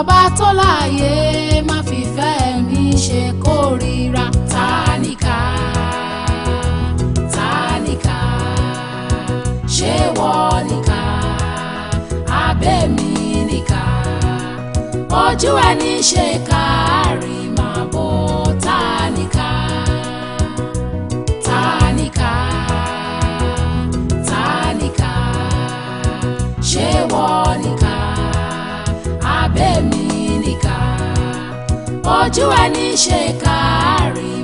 ọba tó láàyè má fìfẹ́ mi ṣe kórìíra tálíkà tálíkà ṣé wọ́n nìkà abẹ́ mi nìkà ojú ẹni ṣe kárí. ojú ẹni ṣe káàrí.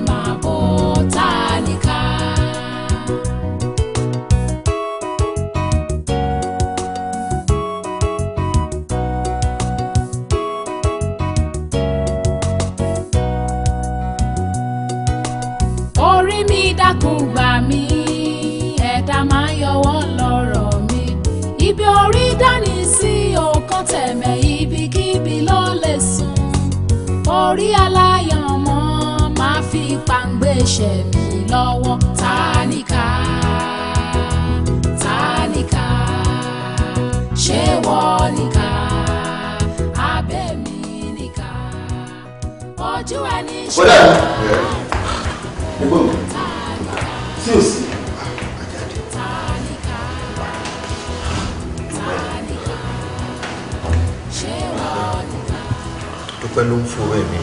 gbéṣẹ́ mi lọ́wọ́ tálíkà tálíkà ṣé wọ́n níkà abẹ́ mi níkà ojú ẹni ṣe wọ́n dúpẹ́ ló ń fowó ẹ̀mí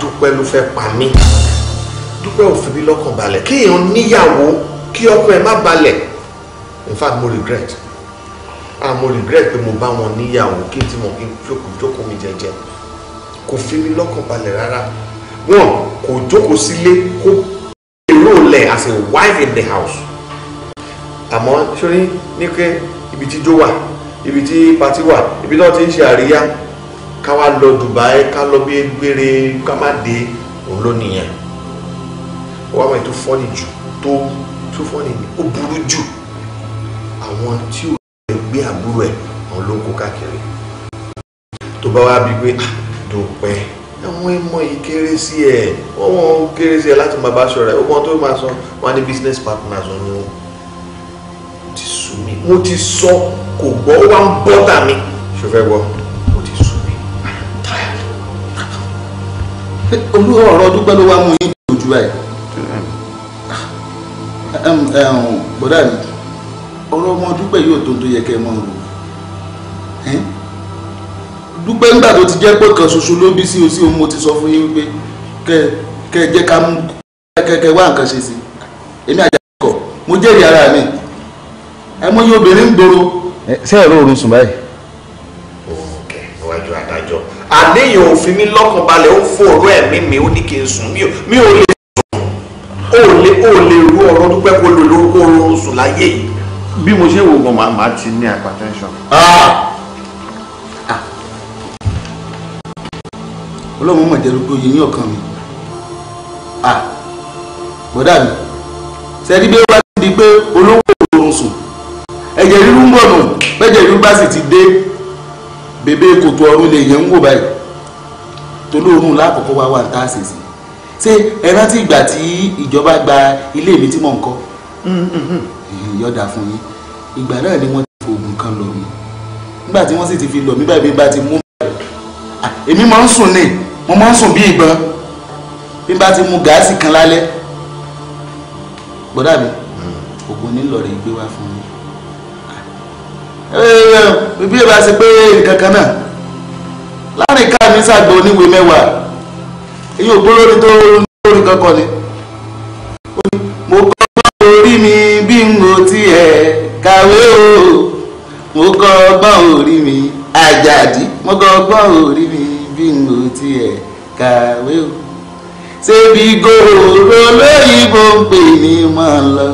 dúpẹ́ ló fẹ́ pa mí pé ò fi mí lọ́kàn balẹ̀ kéèyàn níyàwó kí ọkọ ẹ̀ má balẹ̀ in fact mo regret ah mo regret pé mo bá wọn níyàwó kí n ti mọ̀ kí n jókòó jókòó mi jẹjẹ kò fi mí lọ́kàn balẹ̀ rárá wọn kò jókòó sílé kó èrò lẹ̀ as a wife in the house àmọ́ sórí ní pé ibi tí jó wà ibi tí patí wà ibi náà ti ń ṣe àríyá ká wá lọ Dubai ká lọ bí gbére ká má dé òun ló nìyẹn wọ́n àwọn ètò fọ́ọ̀nì jù tó tó fọ́ọ̀nì ni ó burú jù àwọn tí ò lè gbé àbúrò ẹ̀ àwọn ló ń kó káàkiri tó bá wá bí pé ah, dòpẹ́ àwọn ẹmọ yìí kéré sí ẹ wọ́n wọ́n kéré sí ẹ láti máa bá ṣọ̀rẹ́ ọmọ tó máa san wọ́n á ní business partners ọ̀nà wọn ti sùn mí mo ti sọ kò gbọ́ wá ń bọ́tà mi ṣe fẹ́ gbọ́ mo ti sùn mí tired. olú ọ̀rọ̀ dúpẹ́ ló wá mú yín lójú báyìí bọ́dà mi ọ̀rọ̀ ọmọ dúpẹ́ yóò tó tó yẹ kẹ́ mọ́ rò dúpẹ́ ńgbà tó ti jẹ́ pé kan ṣoṣo ló bí sí o sí o mo ti sọ fún yín wípé kẹ kẹ jẹ́ ká mú kẹkẹ wá nǹkan ṣe sí èmi àjàkọ mo jẹ́rìí ara mi ẹ mọ iye obìnrin ń gbòòrò. ṣé ẹ̀rọ oorun sùn báyìí. òkè iwájú adájọ́ àníyàn òfin mi lọ́kàn balẹ̀ ó ń fòrò ẹ̀mí mi ó ní kí n sùn mi ò lè o lè o lè ru ọ̀rọ̀ dúpẹ́ kó lò lórúkọ oorun sùn láyé yìí. bí mo ṣe wò gan màá màá ti ní hypertension. olóòmù ah! ah! mọ̀ jẹ́rú pé oyin ọkàn mi ah! bọ́dà mi sẹ́ni bí ó bá ti di pé olówó oorun sùn ẹ̀jẹ̀ ríru ń bọ̀ nù bẹ́jẹ̀ ríru bá sì ti dé bèbè kòtò ọ̀run lè yẹn ń wò báyìí tolóorun lákòókò wá wà ń tá a ṣèṣì ṣé ẹ rántí ìgbà tí ìjọba gba ilé mi tí mò ń kọ́ mm, mm, mm. yọ̀dà fún yín ìgbà náà ni wọ́n ti fògùn kan lọ mí nígbà tí wọ́n sì ti fi lọ mí báyìí bí n bá ti mú ah, èmi máa ń sùn ní mo máa ń sùn bí ìbọn bí n bá ti mu gáàsì kan lálẹ́ gbọ́dọ̀ mi ògùn nílò rẹ̀ gbé wá fún mi ah, bí ẹ bá ṣe pé nǹkan kan náà láàrin ká mi ṣàgbọ́ oníwèé mẹ́wàá èyí ò gbọ́ tó lórí kankan ni mo kọ́ gbọ́n orí mi bí n ò tiẹ̀ kàwé o mo kọ́ gbọ́n orí mi àjàdí mo kọ́ gbọ́n orí mi bí n ò tiẹ̀ kàwé o ṣébi gòrò lóyìnbó ń pè ní mọ́ lọ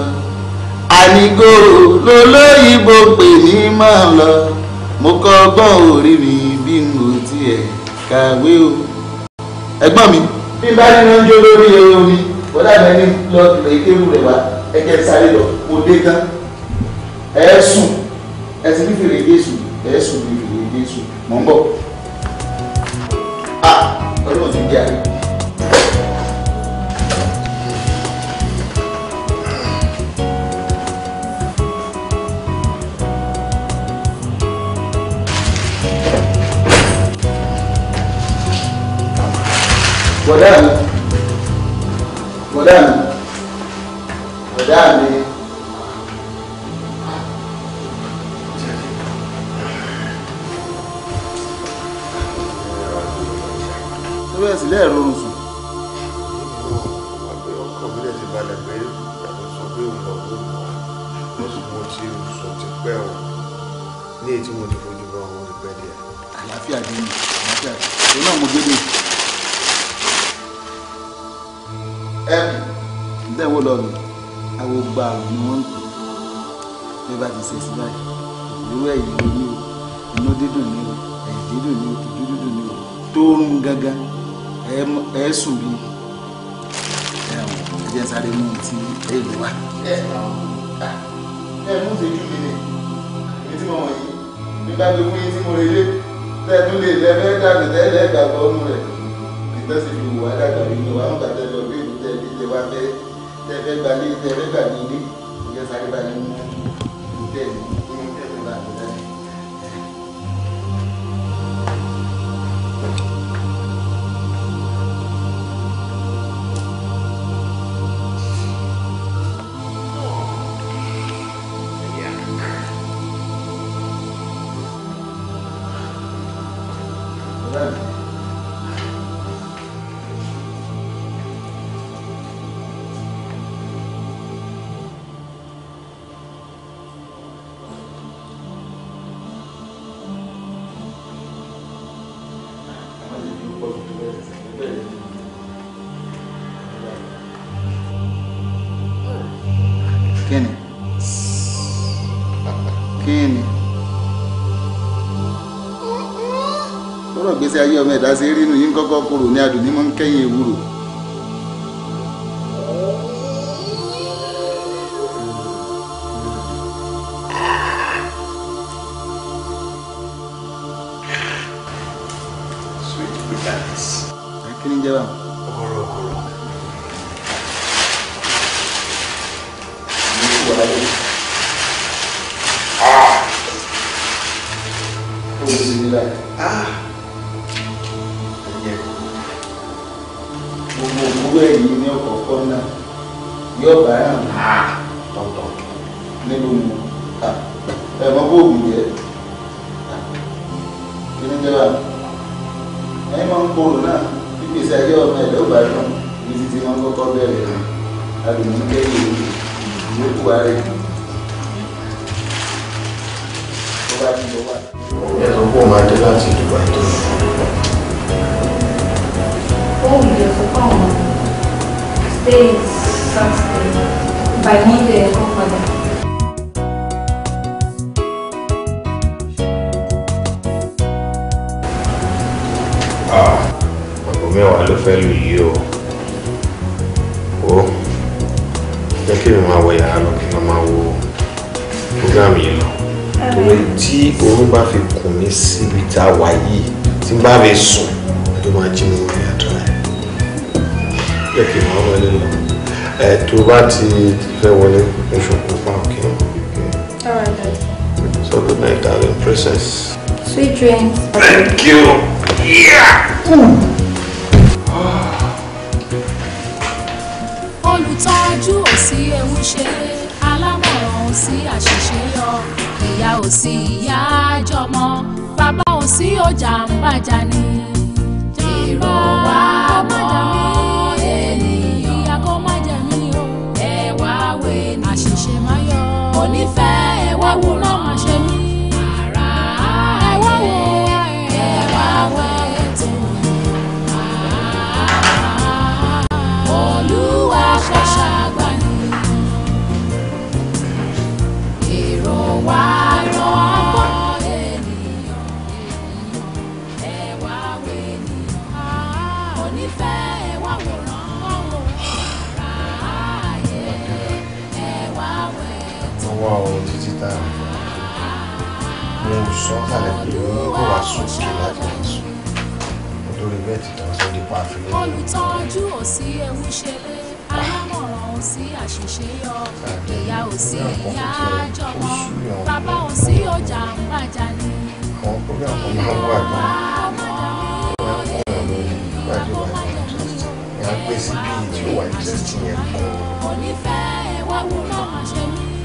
àní gòrò lóyìnbó ń pè ní mọ́ lọ mo kọ́ gbọ́n orí mi bí n ò tiẹ̀ kàwé o ẹ̀gbọ́n mi bí n bá ní wọn jó lórí omi bọ́dà bẹ́ẹ̀ ní lọ lè kéwù rẹ̀ wá ẹ̀kẹ́ sáré lọ kó dé tán ẹ̀ sùn ẹ̀ sì Jésù ẹ̀ sùn nífèrè Jésù mọ̀ ń bọ̀ ah ọlọ́run ti di àárẹ̀. bọ̀dá mi bọ̀dá mi bọ̀dá mi. sílẹ̀ gbogbo àrùn ni wọ́n ń pè bí bá ti ṣe sí báyìí ìlú ẹ̀yìn ló ní o inú dídùn ní o ẹ̀yìn dídùn ní o dúdú dídùn ní o tó rún gangan ẹ sùn bí ẹ̀wọ̀n ẹ̀jẹ̀ sáré mú ti èlò wa. ẹ ah, ẹ mú ìṣẹ́jú mi ni èmi tí mo mọ̀ yìí mi bá gbé fún yín tí mo rè lé tẹ́tún lè lẹ́fẹ́ dàgbé tẹ́lẹ̀ gbàgbọ́ nù rẹ̀ ìtọ́sí fi wù wá dàgbà nínú wa ń gbàtẹ́ lọ bí èmi tẹ́lẹ̀ wá fẹ́ẹ́ tẹ́fẹ́ gbalé tẹ́fẹ́ gbalé ilé ìjẹsàrẹ́ balẹ̀ mú ìtẹ́ẹ̀mí. gbèsè ayé ọmọ ẹ̀dá ṣe rí nu yín kọ́kọ́ kúrò ní adùn ní mọ́ ń kẹ́yìn ewúro. Ah! ọ̀nà yóò bá yàn á tọ̀tọ̀ nílùú mu ẹ̀ mọ́ bóògùn jẹ́ kí ni jẹ́ báyìí ẹ̀yin máa ń korò náà ìgbésí ayé ọmọ ẹ̀dá ògbà náà ní títí wọn kọ́kọ́ bẹ̀rẹ̀ rẹ̀ àdùnnú lẹ́yìn ìyókù ààrẹ tó bá ti lọ wá. ẹ̀rọ pọ̀ máa dé láti Dubai tó lọ. ó ń yẹ fún báwọn stay in Saturday by Monday company. ah, mẹ́wàá ló fẹ́ lù yí o. Ó jẹ́ kí mi máa wọ yàrá lọ kí n máa wo program yìí lọ. Òwe tí oorun bá fi kùn mí síbi tá a wà yìí tí n bá fi sùn, ẹ tó máa jẹ́ kí n máa wọlé lọ ẹ tó bá ti fẹ́ wọlé oṣù pupa òkè. So good night, darling princess. Sweet dreams. Thank you. Yeah. Hmm. Ah. Olùtọ́jú ò sí ewu ṣe, alámọ̀ràn ò sí àṣìṣe yọ, ìyá ò sí ìyá àjọmọ́, bàbá ò sí ọjà ń bàjá ni. mo nífẹ̀ẹ́. tá à ń fọ mo sọ kalẹ̀ pé kó wàá sùn sí láti máa sùn nítorí bẹ́ẹ̀ ti tàn sóde pa àfihàn. olùtọ́jú ò sí ewu ṣeré alámọ̀ràn ò sí àṣìṣe yọ ìyá ò sí ìyá àjọmọ́ ẹ̀wá wúlò máa ṣe mí.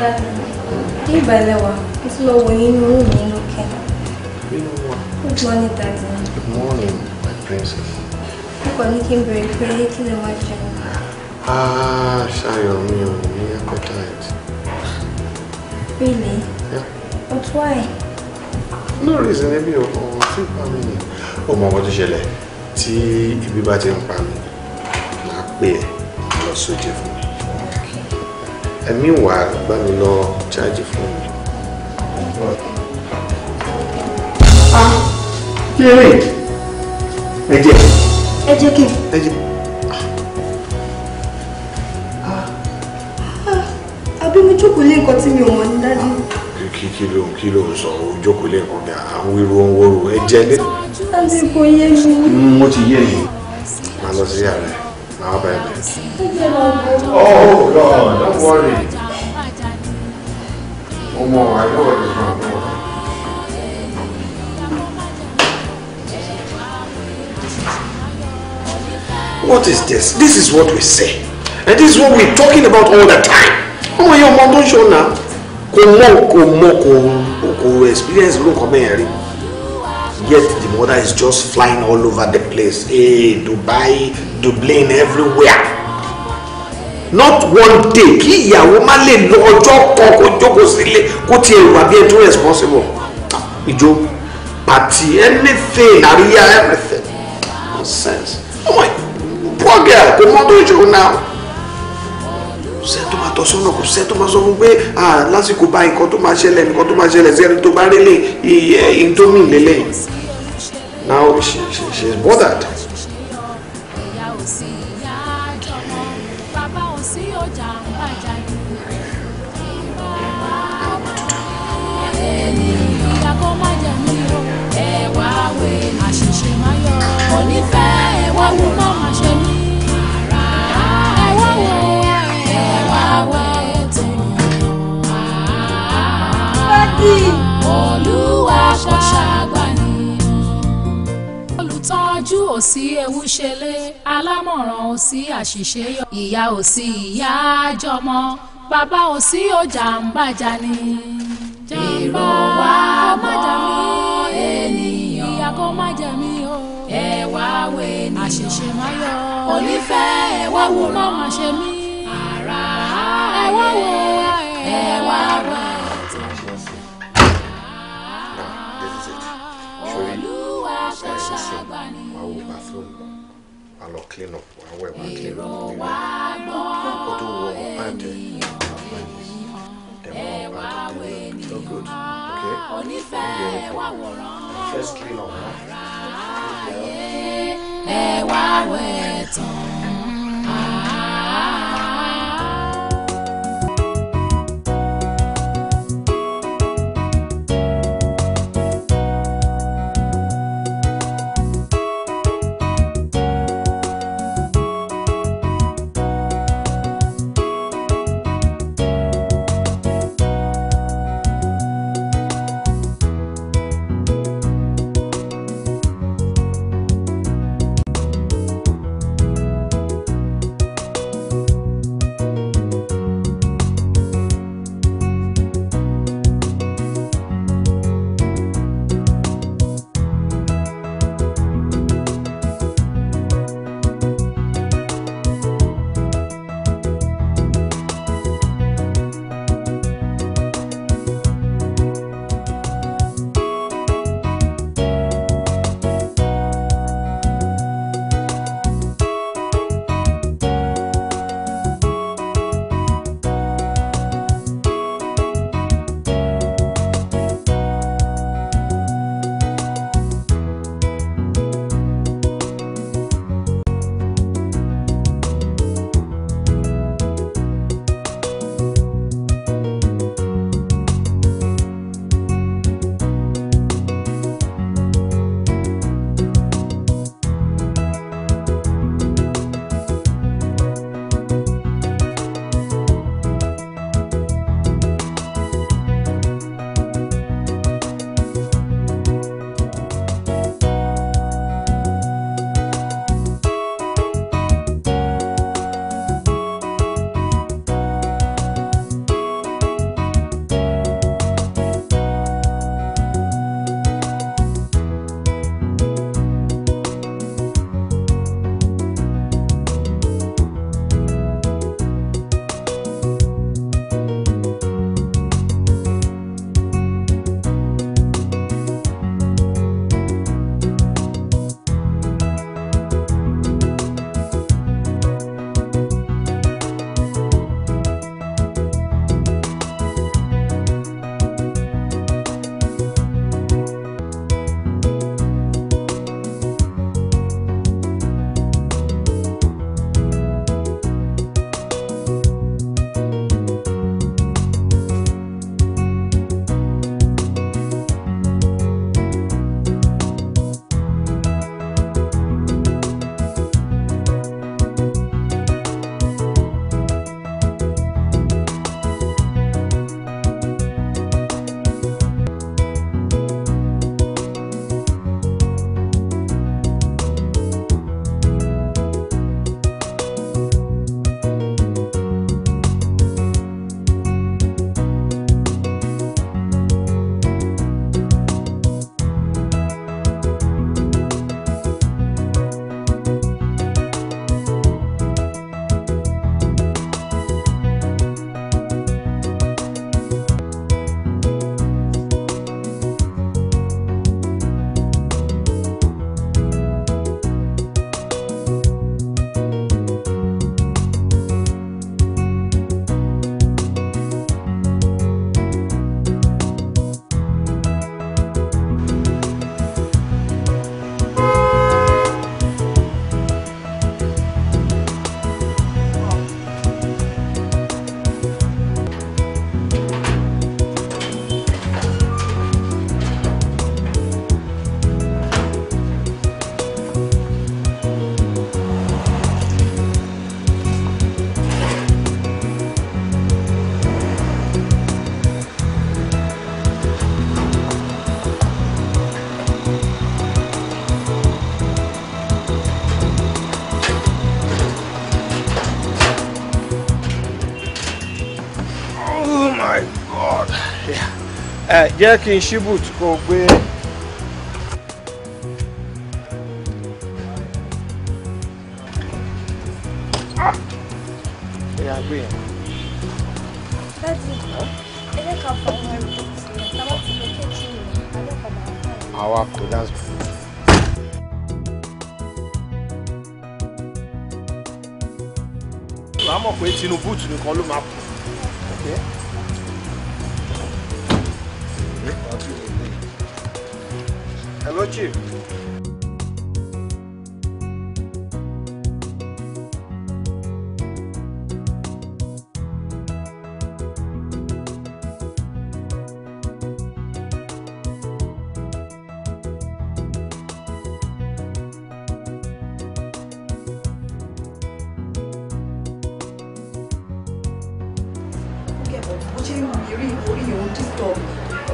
ní ìbàlẹ̀ wa mo ti lọ wò nínú room mi good morning daddy. good morning my princess. mo kàn ní kí n bèrè pé kí lè máa jẹun. ah ṣayọ mi ò appetite. really? Yeah. but why? no reason ebi o kò sí pa mí ni. ó See, ọkọ tó ṣẹlẹ̀ tí ibi bá be ń pa mí máa pè é ẹ̀mí wà bá mi lọ ṣáàjì fún mi. yéèrè ẹ̀jẹ̀. ẹ̀jẹ̀ kí. ẹ̀jẹ̀. Ah, ah, àbí mo jókòó lé nǹkan tí mi ò mọ̀ ní dájú. kí kí ló kí ló ń sọ òun jókòó lé nǹkan bí àwọn irú ohun wọ́rọ̀ ẹ̀jẹ̀ lé. àbí kò yé mi. Mm, mo ti yé mi. máa lọ sí yàrá ẹ. Now nah, baby. Oh God, don't worry. One more, I know what is wrong. What is this? This is what we say. And this is what we're talking about all the time. Ọmọ yẹn ọmọ tó ń ṣọ́ náà kò mọ̀ kò mọ̀ kò kò experience ló come here yet the mother is just flying all over the place hey, eh, Dubai Dublin everywhere not one day kí ìyàwó má lè lọ ọjọ́ kan kó jókòó sílé kó tiẹ̀ wà bí ẹ tó responsible ah, ìjó party anything àríyá everything nonsense oh my poor girl kò mọ tó ìṣòro náà kò tó máa tọ́ sọ́nà kò sẹ́ tó máa sọ fún pé lásìkò bá nǹkan tó máa ṣẹlẹ̀ nǹkan tó máa ṣẹlẹ̀ sí ẹni tó bá rélé iye indomie lélẹ̀ now she she she is bothered. onífẹ́. ṣàkóṣà àgbànìyàn olùtọ́jú ò sí ewu ṣẹlẹ̀ alámọ̀ràn ò sí àṣìṣe yọ ìyá ò sí ìyá àjọmọ bàbá ò sí ọjà ń bàjá ni. èrò wa mọ́ ènìyàn ìyá kò má jẹ mí o ẹ wá wẹ̀ àṣìṣe má yọ onífẹ́ ẹ wá wò lọ́mọ ṣe mí. lọ clean up wà wẹ̀ wà clean up bí wọ́n kó tó wọ pant ẹ̀ tẹ̀mọ́ pant ẹ̀ so good okay onífẹ̀ẹ́ wà tán. jẹ́ kí n ṣí boot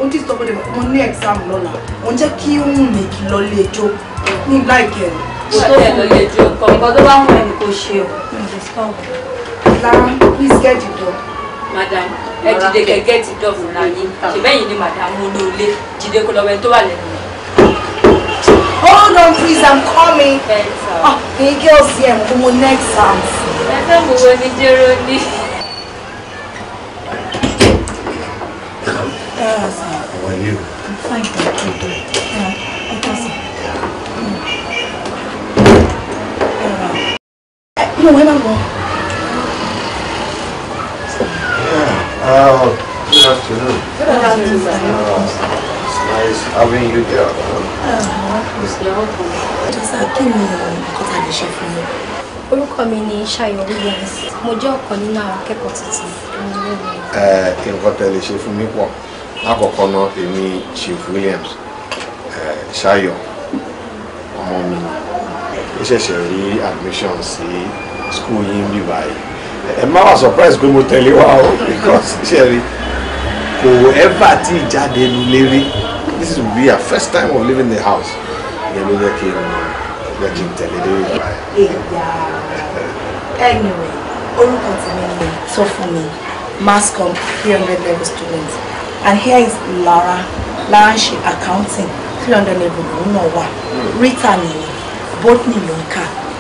ń tí sọ́kọ́ dẹ̀bọ̀ mo ní exam lọ́la mo jẹ́ kí ó wù mí kí lọ lé ẹjọ́ ní láìkẹ́ rẹ̀. mo tó yẹ lọ lé ẹjọ́ kọ̀ọ̀kan tó bá wù ẹni kò ṣe o lára please get the door. madam ẹ dìde kẹ get the door fúnra yín ṣèbẹ́yìn ni madam olóòlé jìde kó lọ́wọ́ ẹ tó wà lẹ́nu rẹ̀. hold on please i'm coming. ẹ ǹ sọ. ah kì í gé òsì ẹ̀ mú mo next round. ẹ fẹ́ mú wo ní jẹ́rọ ní. ọmọ ẹ máa ń bọ̀. Good afternoon. Good afternoon, sir. Uh, it's nice having you there. Jọ́sà kí ni nǹkan tá a lè ṣe fún yín? Orúkọ mi ni Ṣayọ̀ Williams. Mo jẹ́ ọ̀kan nínú àwọn akẹ́kọ̀ọ́ tuntun. Uh, nǹkan tẹ́ lè ṣe fún mi pọ̀. Lákọ̀ọ́kọ́ náà, èmi Chief Williams, uh, Ṣayọ̀, ọmọ mi. Ó ṣẹ̀ṣẹ̀ rí admission sí school yín bí báyìí ẹ má wà surprise pé mo tẹ̀lé wa o because ṣẹ́rí kò ever tí ìjáde nu lérí this is be our first time of living the house ìyẹn ló yẹ kí n yẹ kí n tẹ̀lé dé bí báyìí. anyway orúkọ tèmi ni tó fún mi mass com three hundred level student and here is Lara Lara ń accounting three hundred level lòun náà wà Rita nìyí botany ló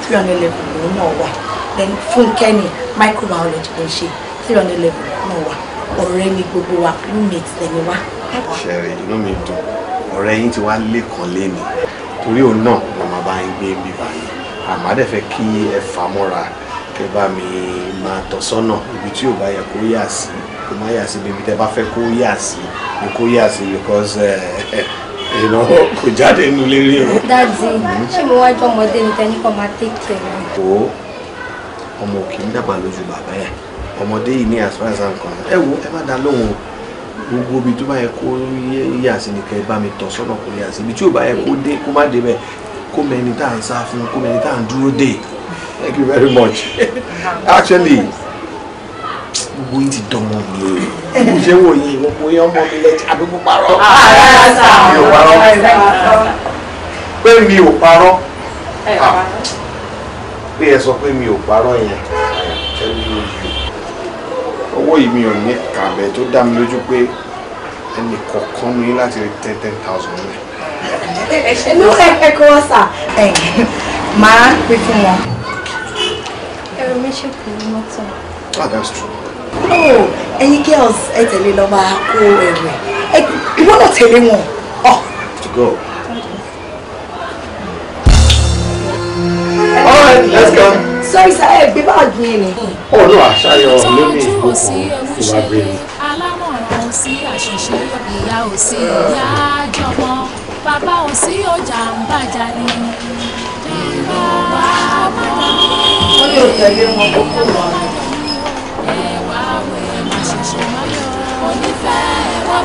three hundred level lòun náà wà then Fúnkẹ́ ni microbiology ló ń ṣe three hundred level náà wà ọ̀rẹ́ mi gbogbo wa roommate tẹ̀mí wa. ṣẹ̀rẹ̀ inú mi dùn ọ̀rẹ́ yín ti wá lẹ́kàn lẹ́nu torí òun náà la máa bá yín gbé bí báyìí àmọ́ dẹ̀ fẹ́ kí ẹ fà á mọ́ra kẹ́ bá mi máa tọ́ sọ́nà ibi tí ò bá yẹ kó yà sí kó má yà sí bíbi tẹ́ bá fẹ́ kó yà sí ni kó yà sí because ìran eh, eh, kò jáde nílé rí o. dájú hmm? ṣé mo wájú ọmọdé ni tẹ́ ní kò máa tẹ́kẹ̀ẹ́ ọmọ òkè ń dàgbà lójú bàbá yẹn ọmọdé yìí ní as far as ẹ wo ẹ má dá lóhùn gbogbo ibi tó bá yẹ kó yíyà sí ni kẹ bá mi tọ̀ sọ́nà kó yíyà ibi tí ò bá yẹ kó dé kó má dé bẹ́ẹ̀ kó mẹni tá à ń sá fún kó mẹni tá à ń dúró dé thank you very much actually gbogbo yín ti dánmọ mi o mo ṣe wò yín mo pòye ọmọ mi lẹ́tí àbí mo ah, mi ò parọ́ pé mi ò parọ́ pé ẹ sọ pé mi ò parọ́ yẹn ẹni ojú owó yìí mi ò ní kàbẹ̀ tó dá mi lójú pé ẹnì kọ̀ọ̀kan ní láti rí ten ten thousand rẹ̀. ẹnu ẹ kọ́ wọ́n sà máa pè fún wọn. ẹrù mi ṣe kù ní mọ́tò. ah that's true. oh ẹyin girls ẹ tẹ̀lé lọ́ọ́ máa kó ẹrù ẹ ìwọ́n náà tẹ̀lé wọn. Oh. to go. So let's go. sorry sir ẹ Oh no, I shall ó lọ àṣàyàn lórí ìgbókùn I bèrè. alámọ̀ràn ò sí àṣìṣe ìyá ò sí ìyá jọmọ bàbá ò sí ọjà ń bàjá ni. wọ́n yóò tẹ̀lé wọn kó kó wọn. ẹ̀wà wẹ̀ máa ṣẹ̀ṣẹ̀ máa yọ onífẹ̀ẹ́ wọn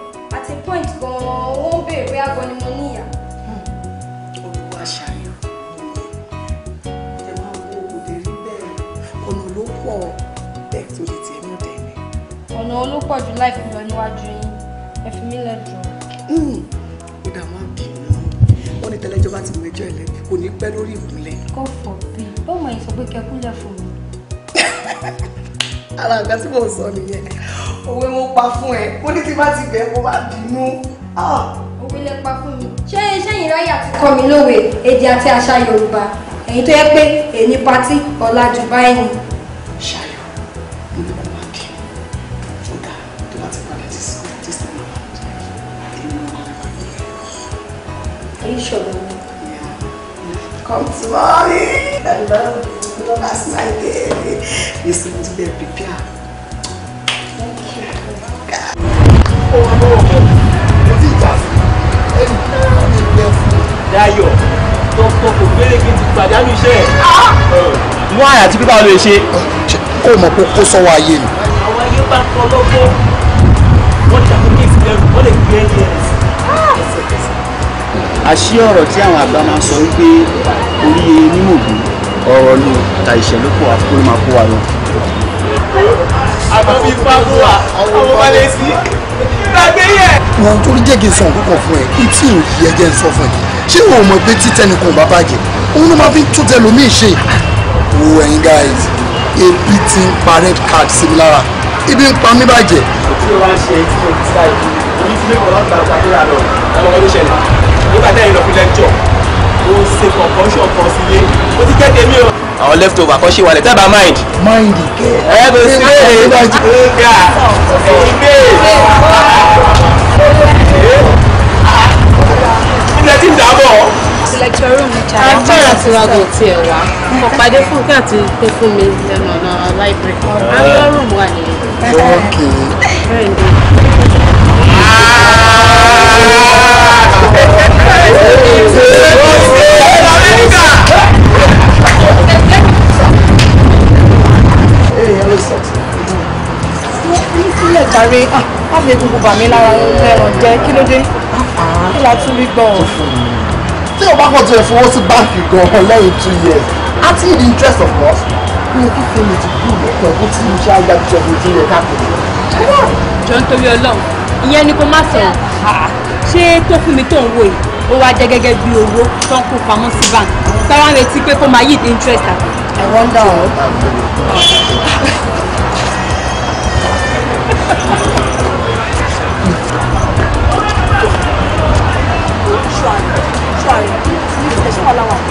sí point gan-an wọ́n ń béèrè bóyá gan ni mo níyà. olùwà ṣàyọ̀ ẹ máa wo òde rí bẹ́ẹ̀ ọ̀nà ló pọ̀ bẹ́ẹ̀ tó lè tẹ̀ mú tẹ̀lé. ọ̀nà olópọ̀ jù láìpẹ́ lọ níwájú yín ẹ fi mí lẹ́dùn. Hmm, ó dà má bínú wọn ní tẹ́lẹ́jọ́ bá ti mẹ́jọ ẹlẹ́bi kò ní pẹ́ lórí ìmúlẹ̀. kò fọ̀ bí bọ́ọ̀mù ẹ̀ sọ pé kẹkúlẹ̀ fún mi. ara nǹkan tí mò ń sọ nìyẹn òwe mo pa fún ẹ mo ní tí bá ti bẹ̀ mo bá bínú. Ah! òwe lè pa fún mi ṣé sẹ́yìn ráyà ti kọ́ mi lówe èdè àti àṣà Yorùbá èyí tó yẹ pé èyí patí ọ̀la jù báyìí. ṣayọ níbi kan máa kí ó dá tó bá ti padà ti sọ ti sọ náà èmi ò Are you sure? Yeah. Come to mommy. I love you know that's my baby. You seem to be a prepare. Thank you. Oh no, is it just? And now you get Dayọ̀, Dr. Kogbereke ti pàdánù iṣẹ́ ẹ̀. Mú àyà tí pípa lè ṣe. Kó mọ̀ pé you? sọ́wọ́ you mi. Àwọn ayé bá kọ́ lọ́gbọ́n. Wọ́n ti àkókò ìfìlẹ́rù, wọ́n lè gbé ẹ̀yẹ rẹ̀ sí àṣí ọ̀rọ̀ tí àwọn àgbà máa sọ wípé orí onímọ̀gbọ́n ọ̀rọ̀ lu ta ìṣẹ̀lópọ̀ àfikún máa kó wa lọ. àbọ̀ bíi fáfúwà ọmọ bá lè sí gbàgbé yẹ. wọn torí jẹ́ kí n sọ nǹkan kan fún ẹ n tí ì yẹ jẹ́ sọ fún ẹ ṣé o mọ̀ pé títẹ́ nìkan bá bàjẹ́ òun ló máa fi tún tẹ lómi ṣe. wo ẹ̀yin guys ebi ti ń pa red card sí mi lára ibi ń pa mí bàjẹ́. tí o bá ń ṣe tí o ti ṣáà yìí orí ti lè kọ́ láti ta àtàkùn rà lọ ọmọ ọdún ṣẹlẹ̀ nígbà tẹ́yìn lọ fi lẹ́jọ́ mo ṣe kọ̀kọ́ṣọ̀ kan sílé mo ti kéde mi o. àwọn left over kan ṣì wà lẹ tẹ́bà mind. mind kẹ ẹ kò sí léèrè nígbà tí. nga ìgbé ilẹ̀ tí ń dàbọ̀. lecture room ni chara fún àti wago ti ẹ̀ wá mo pàdé fún kí àti pé fún mi lẹ́nu ọ̀nà library lecture room wà ní. ok jàre á lè gbogbo bà mí lára ẹran jẹ kí ló dé kí la tún rí gbọ́. tí o bá kàn tó yẹ fowó sí báńkì gan-an lẹ́yìn two years àti in the interest of course ní kíkó mi ti kú lọ́pọ̀ ẹ̀kú tí mo ṣe àgbàjọ mi ti yẹ káàkiri. jọ ń torí Ọlọ́run ṣé tó fún mi tó ń wò yìí ó wá jẹ́ gẹ́gẹ́ bí owó tó ń kó pamọ́ sí bank táwọn ń retí pé kó máa yí interest àbí. I wonder o. ṣùgbọ́n ṣùgbọ́n ṣé wàá láwọn.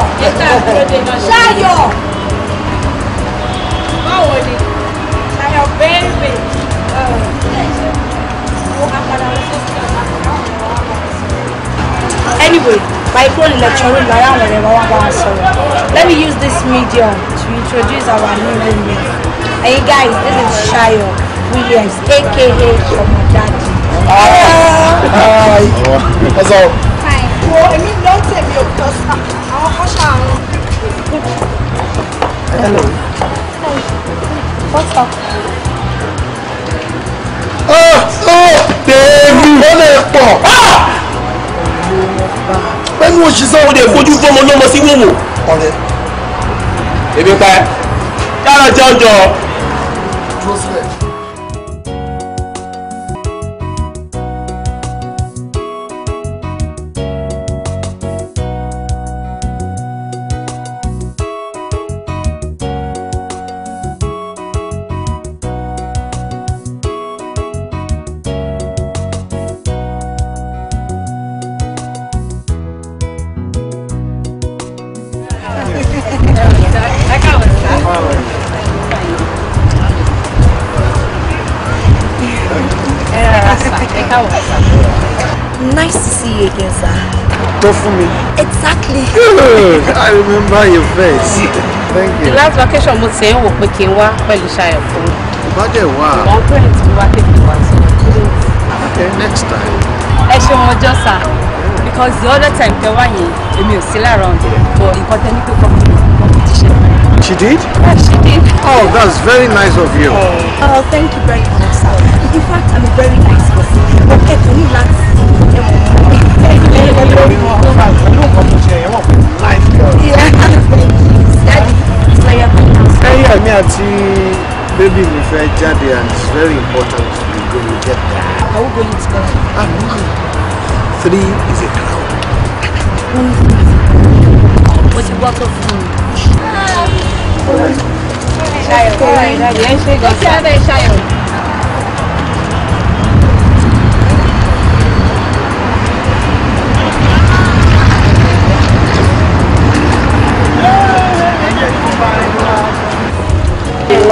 ṣáyọ̀ báwo ni ṣáyọ̀ bẹ́ẹ̀rẹ̀ Anyway, my phone lecture room lára àwọn ẹ̀rọ wa bá wa sọ̀rọ̀. Let me use this medium to introduce our new roommate. Hey guys, this is Shayo Williams, aka Komodadi. Hi. Hi. What's up? Hi. Well, I mean, don't tell me àwọn kan ṣàánú. hello. Hi. what's up. oh oh tèmi ó lè pọ̀. pẹ̀lú òṣìṣẹ́ òde fojú fọmọ lọ́mọ sí wòwò. ọ̀rẹ́. èmi pa ẹ́ yára jẹ́ ọjọ́. not your face. Thank you. The last vacation mo ti ń wò pé kí n wá pẹ̀lú Ṣayọ̀ fún. Ìbájẹ́ wà. Ìmọ̀ parent mi wá tètè wá sọ. Okay, next time. Ẹ ṣe wọn ọjọ́ sà. Because the other time tẹ wá yẹn, èmi ò sí around. But nǹkan tẹ ní pé kọ́ mi She did? Yes, she did. Oh, that's very nice of you. Oh, oh thank you very much, sir. In fact, I'm a very nice person. Mo kẹ́kọ̀ọ́ ní láti ẹ̀wọ̀n. Ẹ̀yin ló ń bá ìlú ọ̀gá ìlú ẹyà mi àti baby. mi fẹ́ jáde and it's very important we go we get there. how go you together. I'm no three is a crowd. o ti wá tó fún mi. ṣayọ̀ ṣayọ̀ ṣayọ̀.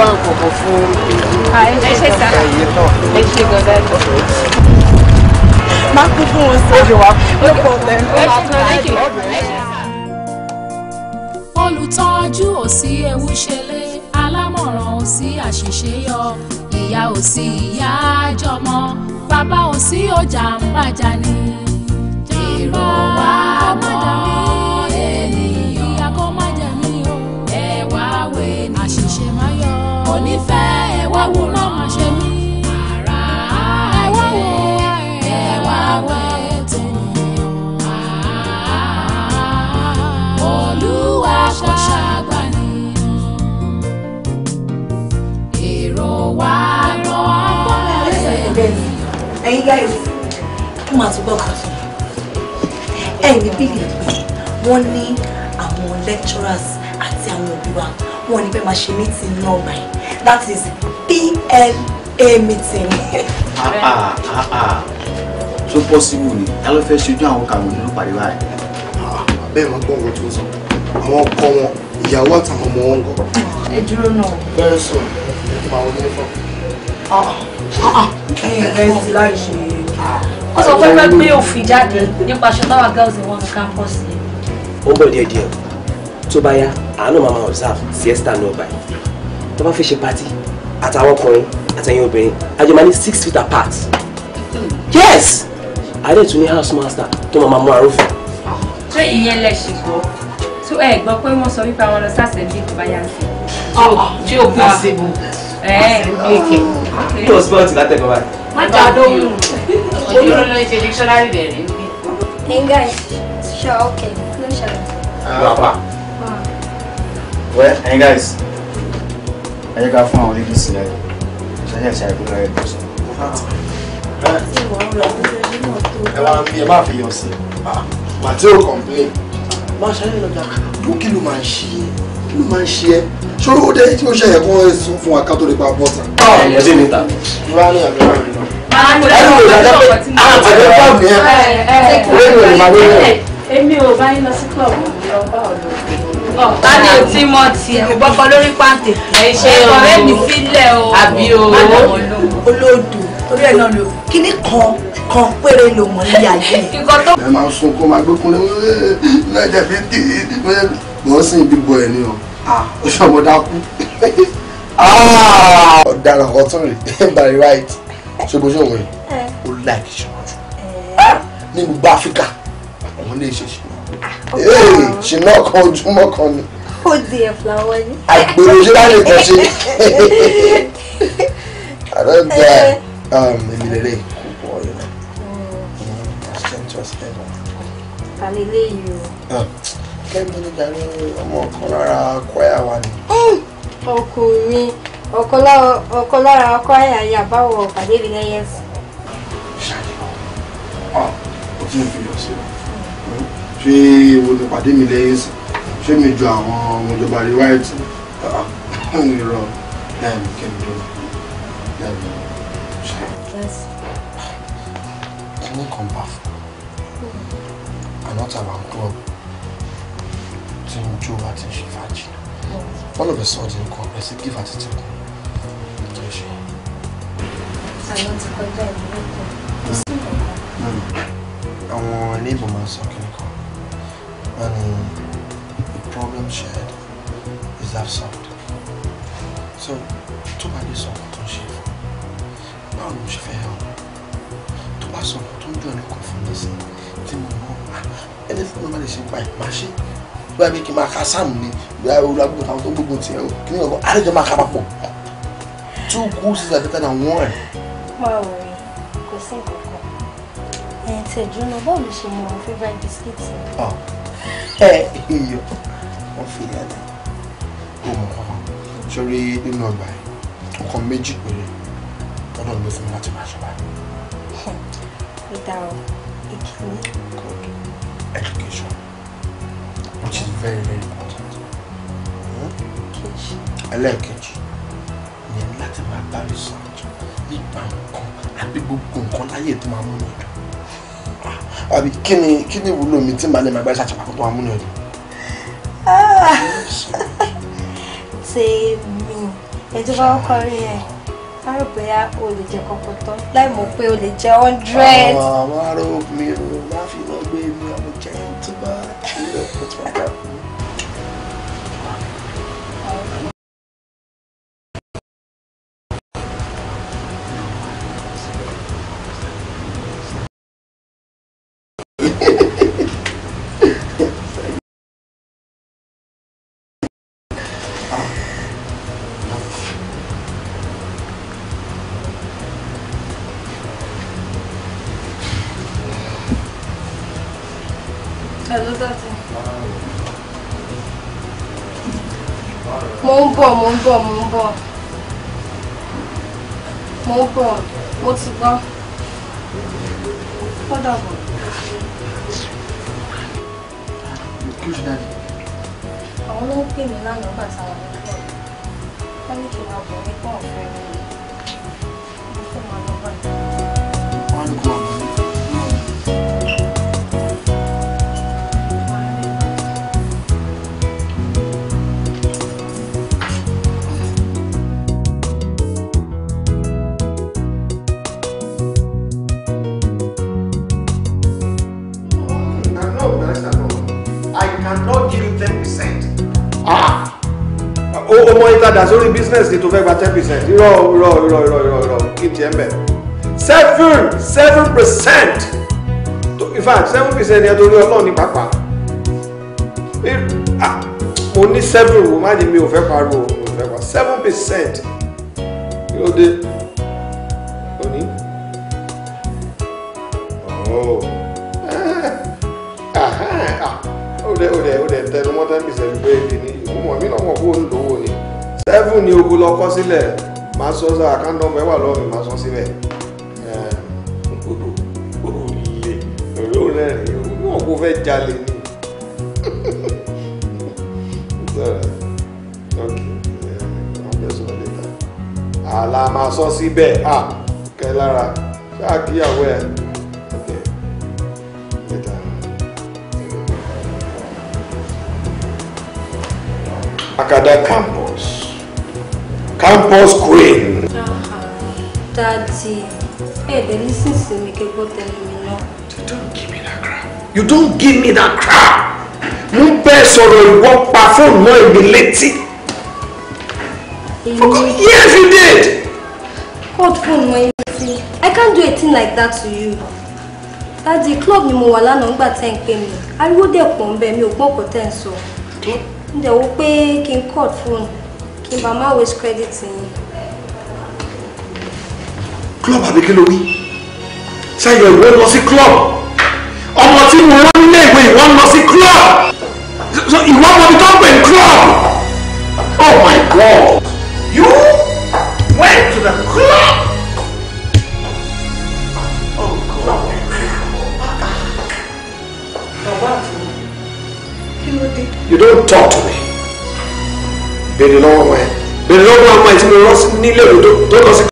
wá nǹkan kan fún ẹyẹ ah, náà. ẹ ṣe gọdá jù. má kú fún wọn sí. olùtọ́jú ò sí ewu ṣẹlẹ̀ alámọ̀ràn ò sí àṣìṣe yọ ìyá ò sí ìyá àjọmọ́ bàbá ò sí ọjà ń bàjá ni èrò mo nífẹ̀ẹ́ wo náà má ṣe mí. ara ayé èrò wa lọ bẹ́ẹ̀. máa tún gbọ́kàn fún mi ẹ̀yin bíbí wọ́n ní àwọn lecturers àti àwọn òbí wa wọ́n ní bẹ́ẹ̀ máa ṣe ní ti iná ọgbà that is PMA meeting. ah ah ah ah so possible ni ta ló fẹ́ ṣojú àwọn kàwọn nínú pàdé báyìí. Ah, bẹ́ẹ̀ máa gbọ́ ọ̀rọ̀ tó ń sọ àwọn ọkọ wọn ìyàwó àtàwọn ọmọ wọn gọ. ẹ dúró náà. bẹ́ẹ̀ sọ ìpa wọn ní Ah. ah, ah. ẹ̀yìn rẹ̀ ti láì ṣe. ó sọ pé fẹ́ gbé òfin jáde nípa aṣọ táwa girls ẹ̀ wọ́n campus ni. ó ń bọ̀ díẹ̀díẹ̀ tó bá yá àánú màmá observe siesta no ọgbà tó bá fẹ́ ṣe pati àtàwọn ọkùnrin àtẹ̀yìn obìnrin àjọ máa ní six feet apart yes àdé tún ní house master tó máa máa mú arúfin. ṣé ìyẹn lẹ ṣì gbọ́ tó ẹ gbọ́ pé wọ́n sọ wípé àwọn lọ sáàsẹ̀ bí kò bá yá sí. tí ah, ah, o bá ṣe bò ẹ ẹ bí èké. kí o spọ́ọ̀tì látẹ̀kọ̀ báyìí. má jà dóhùn onírò ló ń ṣe dictionary bẹ̀rẹ̀ níbí. hey guys sure okay no sure. Uh, well, hey guys ẹ jẹ́ ká fún àwọn lédi sílẹ̀ ṣẹ̀ṣẹ̀ ṣe àìkú lọ́rẹ́ tó sọ. ẹ máa ń bí ẹ máa fi yàn sí ah, màá tí ò kọ̀m̀plé. máa ṣe àyẹ̀lò dà kí ló máa ń ṣe é kí ló máa ń ṣe é ṣòro ó dé tí ó ṣe yẹ kó fún wa ká tó lè pa bọ́ta. Ah, ah. ẹ̀yìn ẹ̀dín níta. ìwà ni àgbẹ̀ wà nínú èmi ò bá yín lọ sí club lọ bá ọ̀dọ̀ ká ní etí mọ́ ti ìbọ́kọ lórí pàǹtẹ̀ ọ̀rẹ́ mi sílẹ̀ o àbí o olódò torí ẹ̀ náà lò kíní kan kan péré ló mọ̀ ní ayé. ẹ máa sun kó máa gbókun náà jẹ̀bi dì í wọ́n sì ń bíbọ ẹ̀ ni o ah. ó ṣọmọdá kú. Ah! ọ̀daràn ọ̀tún rẹ̀ by right ṣe bó ṣe wọ̀nyí eh. ó láìkí ṣe wọ́n jù eh. ní gbogbo áfíríkà àwọn ilé iṣẹ́ ṣe Hey, she the flower? I I don't Um, me you. you. you. Oh, believe ṣìnà kan ojúmọ́ kan ni. ó di oh, àwọn ni. àgbèrè ṣílá nìkan ṣe. àdọ́gba eh. um, èmi lèrè kò pọ̀ ọ̀yọ́ náà. tani léyìí oh, kẹ́mi ni gàrí ọmọ ọ̀kan lára kwaya wa oh, ọkùnrin ọ̀kan lára kwaya yàbáwọ̀ pàdé mi lẹ́yẹ̀sì. oh, ah, ọ̀ ọ̀ tí mo fi lọ sí i ṣé wo ni pàdé mi lẹ́yìn sí ṣé mi ju àwọn ọmọ ìjọba rí wáìtì ah, irọ́ kí n tó ṣe. kí ni kàn bá fún àná tàbá ń kúrò tí ń jó àti ṣe fàájì all of the sudden kò ọ̀pẹ sí give àti tẹ̀kọ́ tó ṣe. àná ti kọjá ìlú kan kò sí nǹkan kan. àwọn ilé máa ń sọ kí ni kan and the problem shared is that solved. So, tó bá lè sọ̀rọ̀ tó ń ṣe fún un, báwo ló ń ṣe fẹ́ hàn án? Tó bá sọ̀rọ̀ tó ń dùn ẹnu kan fún mi sí tí mo mọ̀ ẹni fún mi má lè ṣe pa ìpá ṣe. Bí wàá bí kí n máa ka sáàmù ni, Two goals is better than one. Máa wọ̀ rí, iyọ wọn fi yàrá o mọ kọkàn sórí nínú ọgbà yìí nǹkan méjì péré lọ́dọ̀ ló fún mi láti máa ṣe báyìí. ó dáa o ìkíni. education which is very very important. Hmm? ẹlẹ́ẹ̀kejì ni láti máa bá mi sọ̀rọ̀ nípa nǹkan àbí gbogbo nǹkan láyè tó máa mú mi dùn àbí kí ni kí ni ìwúlò mi tí màá lè máa gbá ìṣàtì pàkó tó wà múlẹ̀ rẹ̀. tèmi ẹjọ́ bá kọ́ rí ẹ̀ a rò bóyá o lè jẹ kọ̀kọ̀ tán láì mọ̀ pé o lè jẹ hundred. àwọn ará mi ò máa fi lọ gbé mi àwọn jẹ́ tó bá ṣe é lọ́pọ̀ tó mo ń bọ̀ mo ń bọ̀ mo ń bọ̀ mo ń bọ̀ mo ti gbọ́ ó dàbọ̀. àwọn ló ń pè mí lánàá bàtà àwọn ọmọ wọn ní kí n máa bọ̀ nípa ọ̀fẹ́ mi mo fẹ́ máa lọ bá ọmọ ìtajà sórí bísínẹ́sì tó fẹ́ gba ten percent irọ́ irọ́ irọ́ irọ́ irọ́ irọ́ kí n tiẹ̀ ń bẹ̀ seven seven percent in fact seven percent yẹn torí ọlọ́run Ni pàpà mo ní seven o má ní mi ò fẹ́ pariwo mi ò pa seven percent yóò dé. heaven ni ogun lọ kọ sílẹ̀ màá sọ sọ àkáńtọ̀ ọmọ ẹ wà lọ́wọ́ mi màá sọ síbẹ̀ olè òró rẹ̀rìn wọn kò fẹ́ jalè ni àlà máa sọ síbẹ̀ à kẹ lára ṣáà kíyàwó ẹ̀. Akada campo campus queen. dadi ẹ̀ẹ́dẹ̀ nísinsìnyí kẹ́gbọ́ tẹ́lẹ̀ mi lọ. you don't give me that crap. you don't give me that crap. mo ń bẹ́ẹ̀ sọ̀rọ̀ ìwọ pa fóònù mọ́ èmi létí. yes you did. cut phone mọ́ èmi i can't do a thing like that to you. Daddy, club ni mo wà lánàá nígbà tẹ́ ń pè mí ariwo dẹ̀ pọ̀ ń mi ò gbọ́ ọ̀pọ̀ tẹ́ ń sọ. wo pé kí n cut phone. If I'm always crediting. Club àbí kí ló ní? Ṣáyọ̀ ìwọ lọ sí club. Ọmọ tí mo rán nílé ìwé ìwọ lọ sí club. So ọmọ mi tó ń pè club. Oh my God! You went to the club? Oh God! You don't talk to me béèrè lọ́wọ́ ọmọ ẹ béèrè lọ́wọ́ ọmọ ẹ tí mo rọ́ nílé ìlú tó lọ sí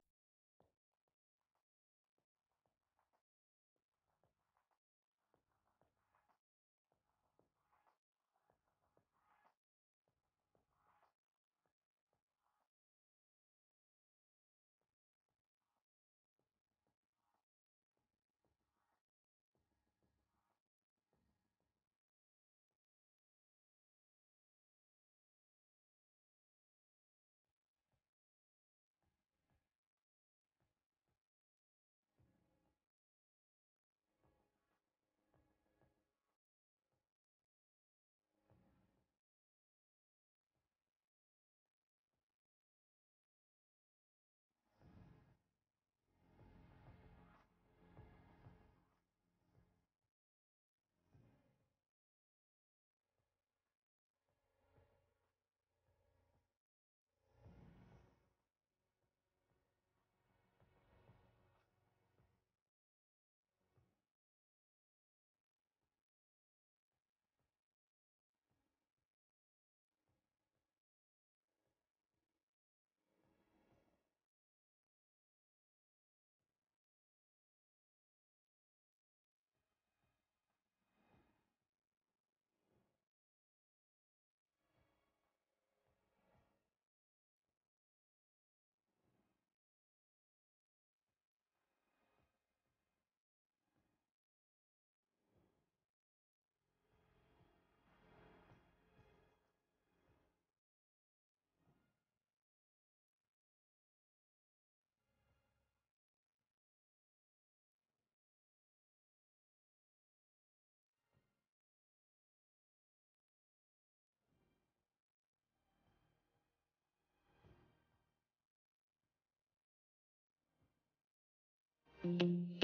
Thank you.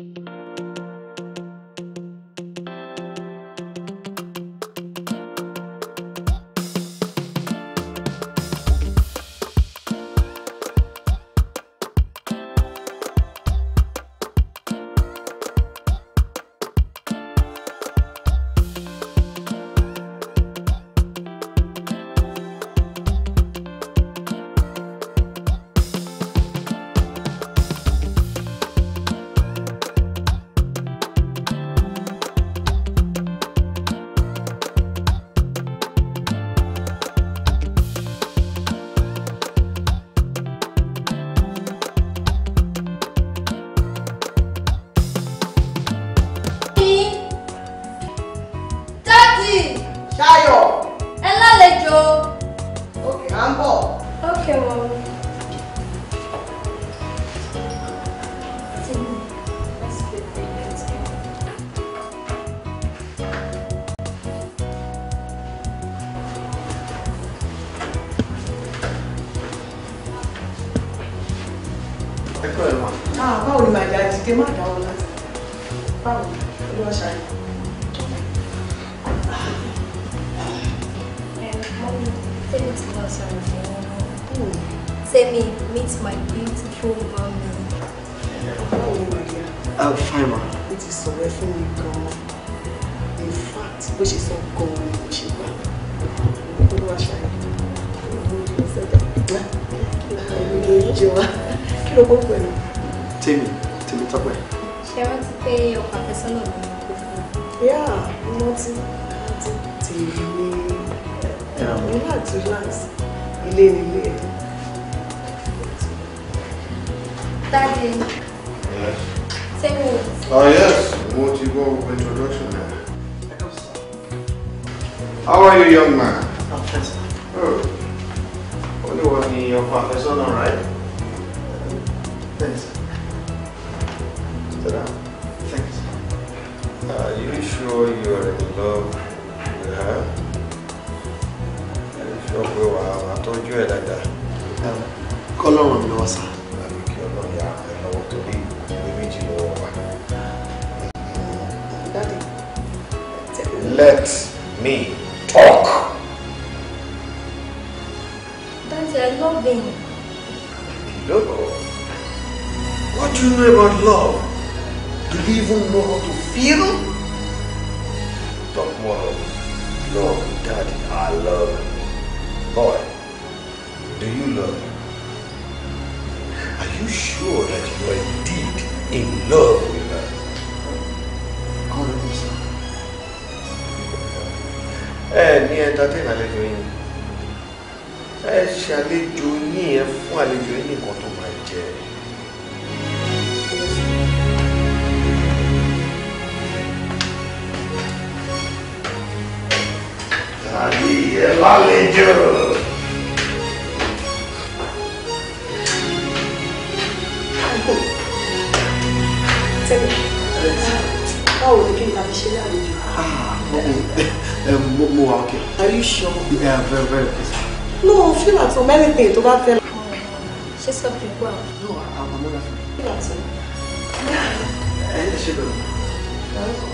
yẹ lálejò. báwo ah, okay. are you sure. yeah very very pleased. no feel at home anything to bá fẹ́. ṣé sọ fi gbọ́ àwọn. no I'm not. náà feel at home. ẹ ẹ ṣe bẹ̀rẹ̀.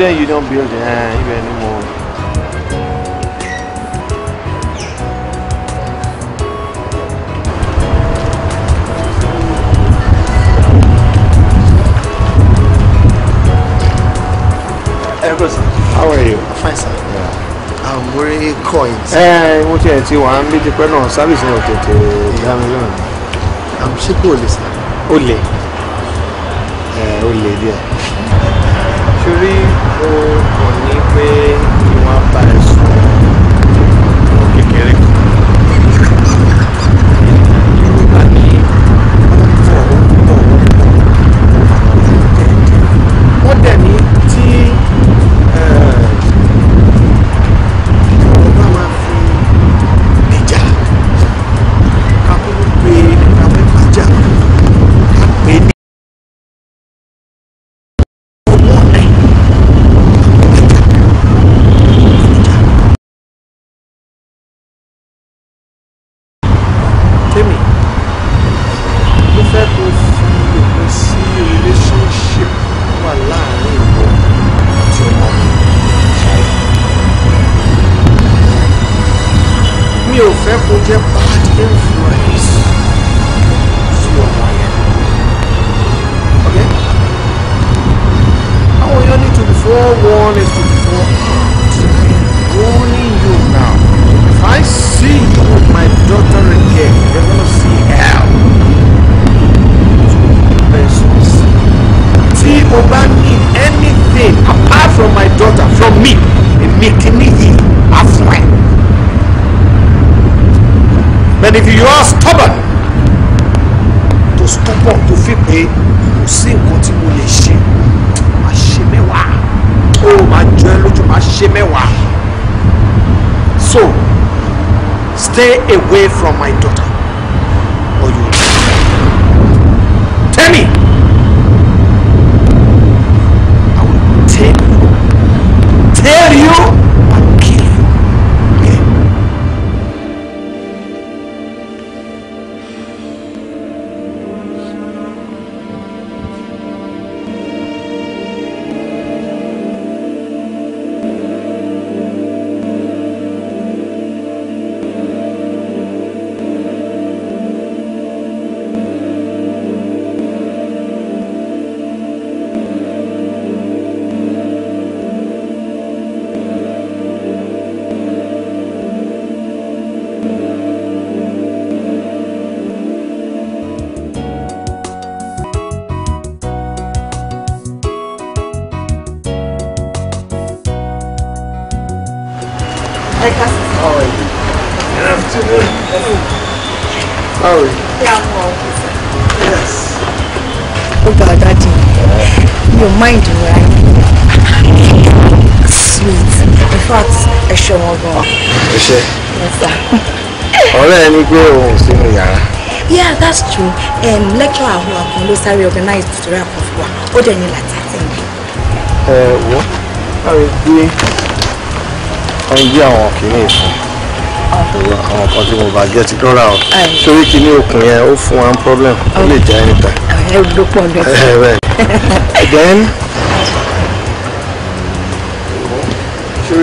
student union building ẹ̀ ibẹ̀ ni mo. How are you? I'm fine, sir. Yeah. I'm wearing coins. Eh, what you ti wà ń bí tipẹ́ náà sábìsì ní òtètè dámi lónìí. Àmì ṣé kò lè sá? Ó lè. Ẹ ó lè ó kàn ní pé kí wọ́n War One is Stay away from my daughter. sáré organize tutorial kan fún wa ó dẹ̀ ní láti àtẹ̀yìn. ẹ wo láti gbé wọn gbé àwọn kìíní fún àwọn kan tí mo bá gẹ́ ti dọ́ra o torí kìíní okùn yẹn ó fún one problem ó lè jẹ́ anytime. ẹ ló pọ̀ bẹ́ẹ̀. then I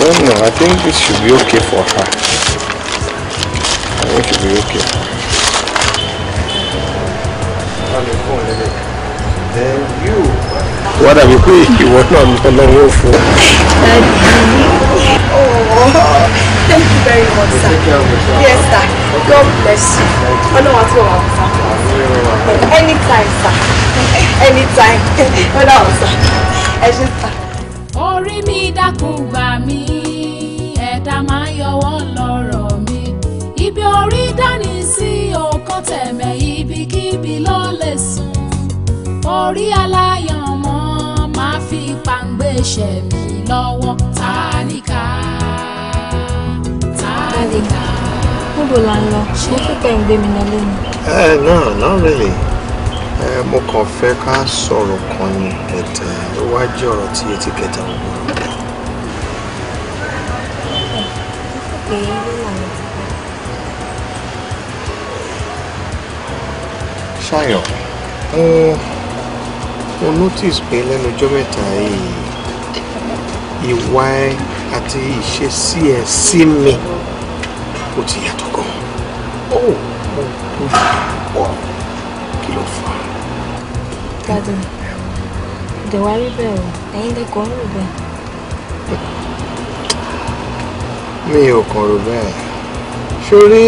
don't know, I think this should be okay for her. I think it should be okay What wọ́n dàbí pé ìwọ náà ní ọlọ́run ó fún. Thank you Oh, thank you very much, sir. Yes, sir. God bless you. know àti ọ̀rọ̀ àti sir. Anytime, sir. Anytime. Ọlọ́run sir. Ẹ ṣe sir. Orí mi dákun jésù orí aláyàn mọ́ máa fi pàǹgbé ṣẹ̀mí lọ́wọ́ tálíkà tálíkà. níbo la ń lọ ṣé pípẹ́ ń gbé mi lọ lónìí. ẹ náà náà rèé mo kàn fẹ́ ká sọ̀rọ̀ kan ní ẹ̀tẹ̀ ó wá jẹ́ ọ̀rọ̀ tí etí kẹta ò gbọ́. ṣáyọ̀ mo notice pé lẹ́nu ọjọ́ mẹ́ta yìí ìwà ẹ àti ìṣesí ẹ sí mi ó ti yàtọ̀ gan ó mo tó pọ̀ kí ló fà á. dadi ìdẹ̀wà rí bẹ́ẹ̀ o ẹ̀yin lẹ́kọ̀ọ́ ń rò bẹ́ẹ̀. mi ò kàn rò bẹ́ẹ̀ ṣorí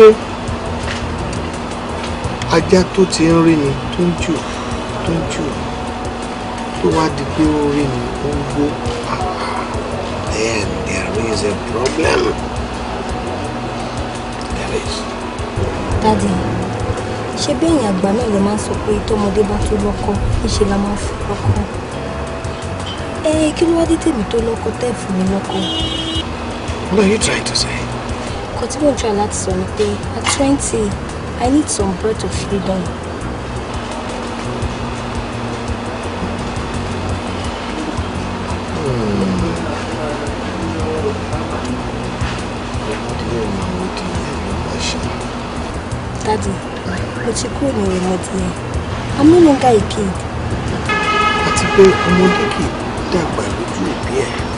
ajá tó ti ń rí ni tó ń jù tó ń jù tó wá di pé ó rí ni ó ń gbó then there is a problem there is. dadi ṣé bí èèyàn àgbà náà ló máa ń sọ pé tọmọdé bá tó lọ́kọ níṣẹ́ la máa ń fi lọ́kọ ẹ kí ló wá dé tèmi tó lọ́kọ tẹ́ fún mi lọ́kọ. what are you trying to say. kò tí mo ń try láti sọ ni pé at twenty I need some breath of freedom. Daddy, mo ti kúrò me? ìròmọdé yẹn. I'm no longer a kid. Àti pé ọmọdé That's why we do it here.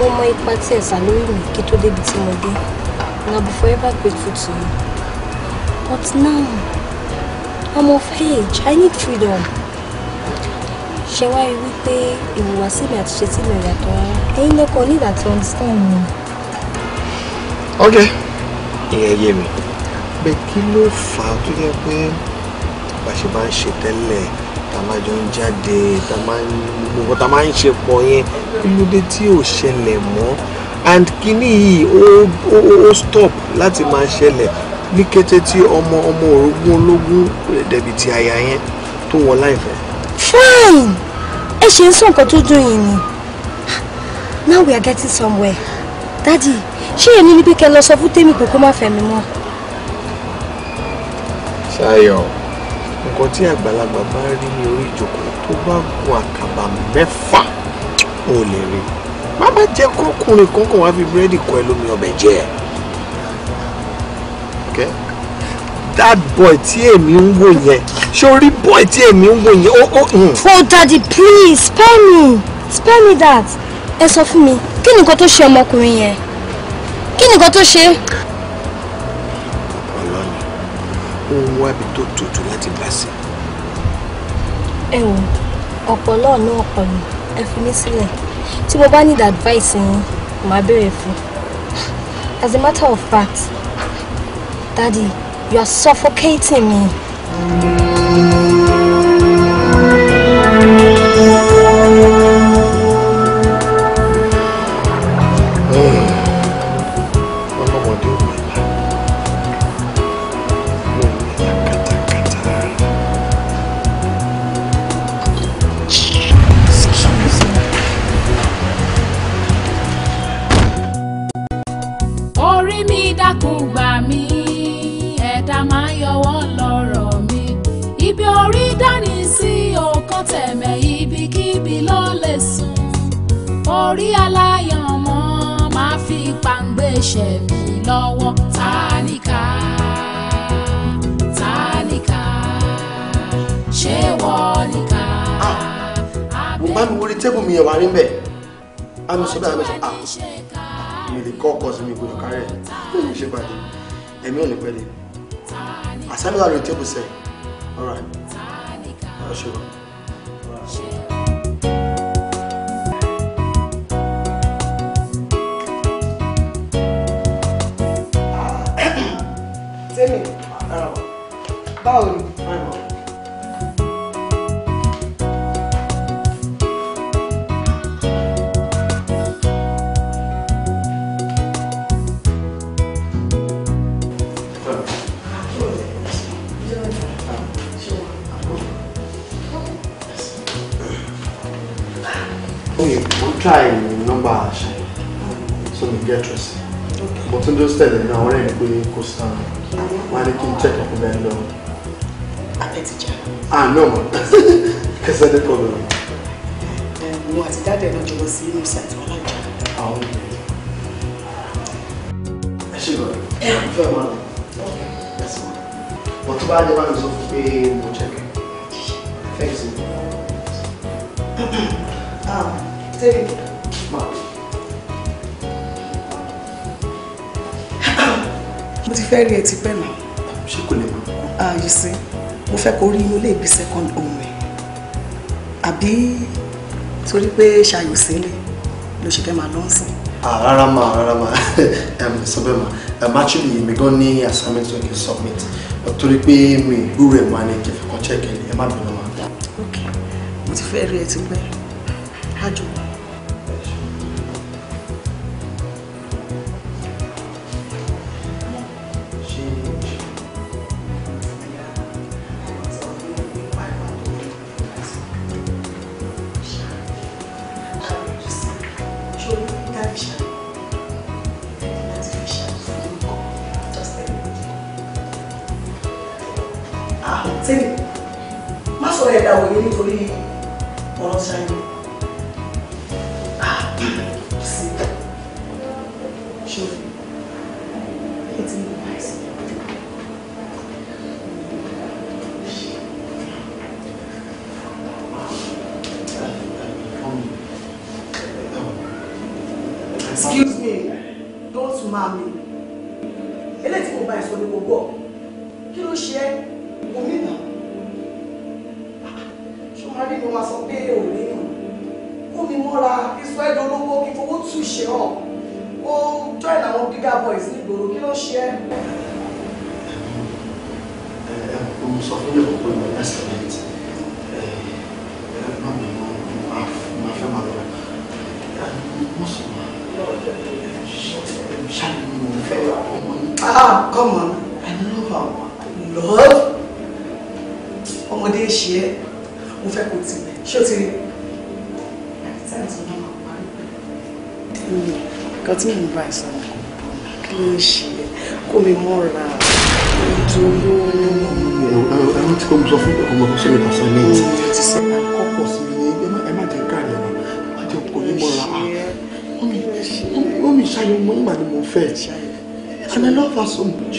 mo mọ ipa tí ẹ̀sà lórí mi kí tó débi tí mo and I'll be forever grateful to you but now I'm of age I need freedom ṣe wá rí wípé ìhùwàsí mi àti ṣe tí mi ò yàtọ̀ rárá ẹ̀yin lẹ́kọ̀ọ́ need to understand me. okay ìyẹn yé mi bẹ́ẹ̀ kí ló fà á tó yẹ pé bá ṣe máa ń ṣe tẹ́lẹ̀ tá a máa jọ ń jáde tá a máa ń gbogbo tá a máa ń ṣe pọ̀ yẹn kí tí ò ṣẹlẹ̀ mọ́ and kíní yìí ó stop láti máa ṣẹlẹ̀ ní kété tí ọmọ ọmọ orogún ológun dẹ̀bi ti àyà yẹn tó wọ láìfẹ́. fine ẹ ṣe ń sọ nǹkan tó dùn yìí ni now we are getting somewhere daddy ṣé èmi níbi kẹ lọ sọ fún tèmi pé kó má fẹ́ mi mọ́. ṣayọ nǹkan tí àgbàlagbà bá rí ní orí ìjókòó tó bá gun àkàbà mẹ́fà ò lè rí má má jẹ́ kọ́kùnrin kọ́kàn wá fi búrẹ́dì kọ́ ẹ ọbẹ̀ jẹ́ ẹ. that boy tí èmi ń wò yẹn sórí boy tí èmi ń wò yẹn ó ó. Hmm. oh daddy please spare me spare me that ẹ sọ fún mi kí ni nǹkan tó ṣe ọmọkùnrin yẹn kí ni nǹkan tó ṣe ó ń wábi tó tutù láti bá sí. ẹ wò ọ̀pọ̀ náà ní ọ̀pọ̀ ni ẹ fi mí sílẹ̀ tí mo bá need advice yín màá béèrè fún as a matter of fact daddy you are suffocating me. Mm bẹ̀ á ah, mi ṣe báyìí mi ṣe à mi lè kọ́ ọkọ sí mi gbọdọ̀ kárẹ̀ mi ò ṣe pàdé ẹ̀mí ò ní pẹ́ dé àṣà mi wà lórí tébù sẹ́ẹ̀ ọ̀rọ̀ àṣọ. kò sàn wọn ni kí check up bẹ́ẹ̀ lọ. ah no ma kẹsẹ ní problem. mo àti dáadé náà jọ lọ sí musa tí wọn bá jà. àwọn ọmọ mi ẹ ṣe lọ ẹ fẹ́ máa lọ ẹ sọ wọn tó bá jẹ bá mi sọ fún pé mo ti fẹ́ rí ẹ ti pẹ́ náà. ṣé kò lè mọ. ah you see mo fẹ́ kó rí inú ilé ìbí second home ẹ̀ àbí torí pé ṣayò sílé ló ṣe fẹ́ máa lọ́nsìn. Ah, rárá mà rárá mà sọ bẹ́ẹ̀ mà actually èmi gan ní assignment wey kì submit torí pé mi ìgbúrò ẹ̀ máa ní kẹfẹ́ kan check ẹ̀ ẹ̀ má bínú mà. ok mo ti fẹ́ rí ẹ ti pẹ́ àjò wa.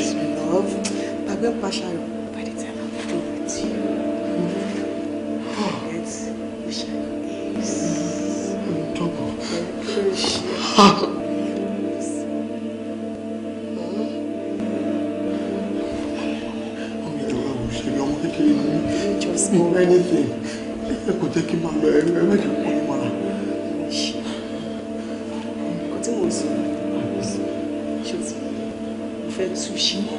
Please, my love. Bàbá ń paṣà by the time I'm done with you. I Forget we shall kiss. Double. Appreciate. Just anything. I could take him out of everywhere. общины.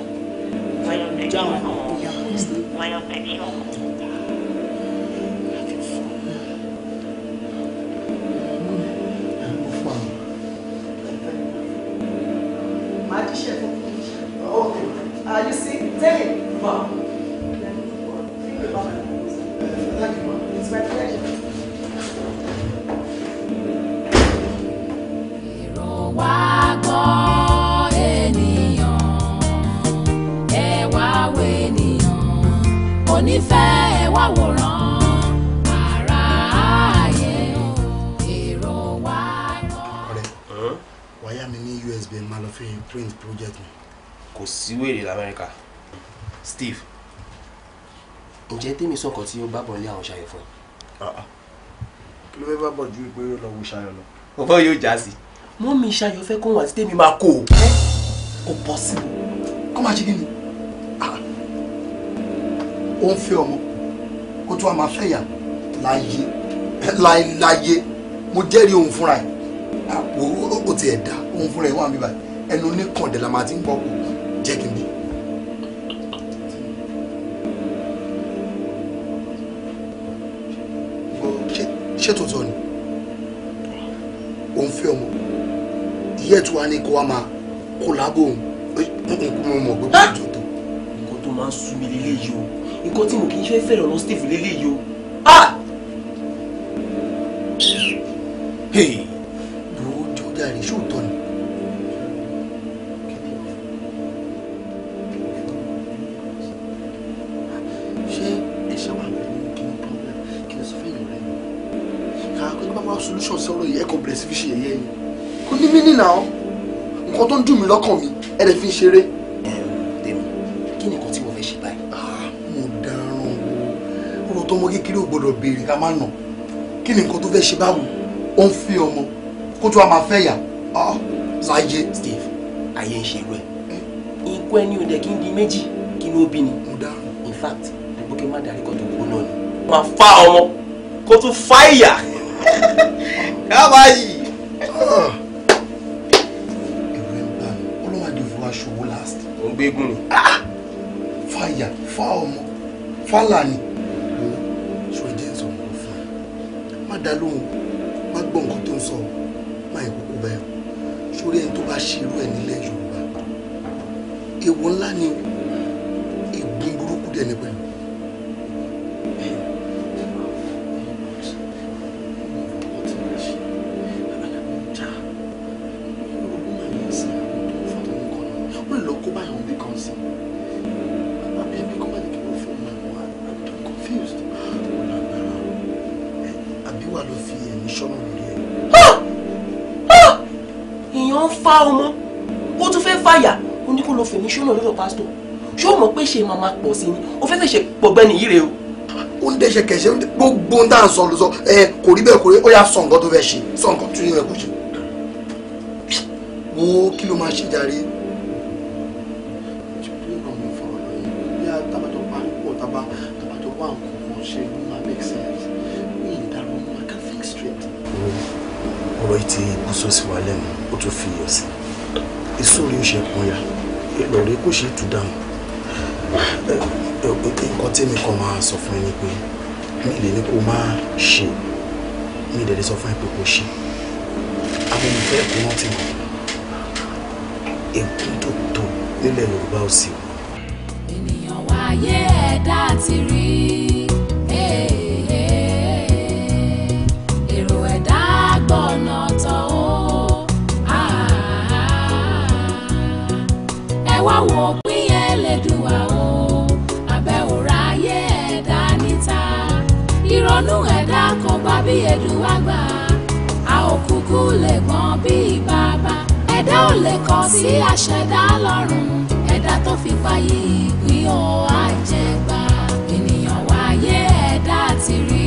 sí wèrè lamẹ́ríkà Steve ǹjẹ́ tèmi sọ nǹkan tí ó bá bọ̀ lé àwọn ṣayọ̀ fún ẹ. Ah, ah. kí ló fẹ́ bá bọ̀ ju pé ó lọ wo ṣayọ̀ lọ. bàbá yóò já sí. mọ́ mi ṣayọ̀ fẹ́ kóhun àti tèmi máa kó o. kò pọ̀ sí i kó máa ṣe kí ni. Ah. ó ń fẹ́ ọmọ kó tó a máa fẹ́ yà láyé láyé mo jẹ́rìí òun fúnra ẹ̀ àpò ó tiẹ̀ dá òun fúnra ẹ̀ wà mí báyìí ẹnu oníkàndẹ̀ la máa ti ń gbọ́ kó jẹ́ kí n bí. ṣé tòótọ́ ni òun fẹ́ ọmọ ìyá ẹ̀ tó wá ní kó wá máa kó lábò òun mo mọ̀ pé kò tó tó. nǹkan tó máa ń sún lélẹ́yìí o nǹkan tí mo kì í fẹ́ fẹ́ lọ́nà steve lélẹ́yìí o. ń dùn mí lọ́kàn mi ẹ lè fi ṣeré. tèmi kí ni nǹkan tí mo fẹ́ ṣe báyìí. Ah, mo dáràn o ọ̀rọ̀ tọmọ kékeré ò gbọ́dọ̀ béèrè ká má nà kí ni nǹkan tó fẹ́ ṣe báwo ó ń fi ọmọ kó tó a máa fẹ́ yà láyé. Ah, Steve ayé ń ṣe irú ẹ ikú ẹni ò dẹ kí n di méjì kí ni ó bí ni. mo dáràn in fact ẹgbẹ́ kí n má darí kan tó gbóná ni. máa fa ọmọ kó tún fa ìyà kábàáyì. Ah. ń gbégún ah! ni. fàyà fà ọmọ fàlàní. sọ jẹ́ ń sọ nǹkan fún ẹ má dá lóhùn má gbọ́ nǹkan tó ń sọ má yẹ kókó bẹ́ẹ̀ sórí ẹni tó bá ṣerú ẹ nílẹ̀ Yorùbá èwo ńlá ni ègbín burúkú dẹ̀ ní pẹ̀lú. ṣó lọ lọ́dọ̀ pásítọ̀ ṣó mọ̀ pé ṣe màmá pọ̀ sí ni ó fẹ́ ṣẹ̀ṣẹ̀ pọ̀ gbẹ́ni yìí rè o. ó ń dẹ́ṣẹ̀ kẹ̀ṣẹ̀ gbogbo ń dáhùn sọ ló sọ ẹ kò rí bẹ́ẹ̀ kò rí ó yà sọ nǹkan tó fẹ́ ṣe sọ nǹkan tó yẹ kó ṣe. wo kí ló máa ṣe jàre ṣe tú dànù nǹkan tèmi kan máa sọ fún ẹ ni pé mi lè ní kó máa ṣe mi lè lè sọ fún ẹ pé kó ṣe àwọn olùfẹ́ ẹ̀kọ́ wọn ti mọ̀ èkó tó tó nílẹ̀ Yorùbá ò sí. ènìyàn wáyé ẹ̀dá ti rí i. bí Èdùwàgbà a ò kúkú lè gbọ́n bí bàbá ẹ̀dá ò lè kọ́ sí àṣẹ̀dá lọ́rùn ẹ̀dá tó fi fàyè ìpín ọ̀ àjẹgbà ènìyàn wáyé ẹ̀dá ti rí.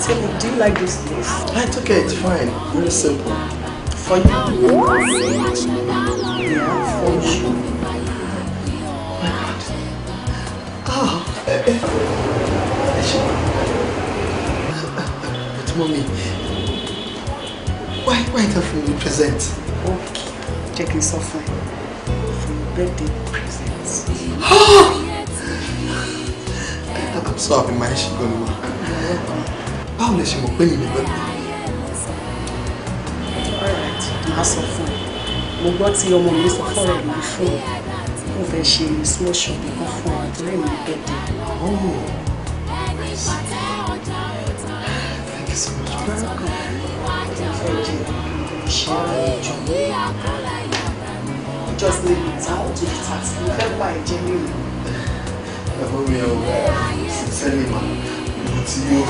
Tell me, do you like this place? Ah, it's okay, it's fine. Very simple. For you. Yeah, for you. Oh my God. Oh. But mommy, why, why don't you present? Okay, check this off for your birthday presents. Oh! Ah! I'm so happy, my she's going to work. báwo lè ṣe mọ̀ pé mi ní pẹ́ pẹ́. alright màá sọ fún ẹ mo gbọ́ tí ọmọ mi sọ fọ́ọ̀rọ̀ mi fún mo fẹ́ ṣe small shopping kan fún àdúrà mi bẹ́ẹ̀dẹ̀. Oh. thank you so much. Just leave it out to the tax. You can't buy a genuine. I'm going to send me money happened to you.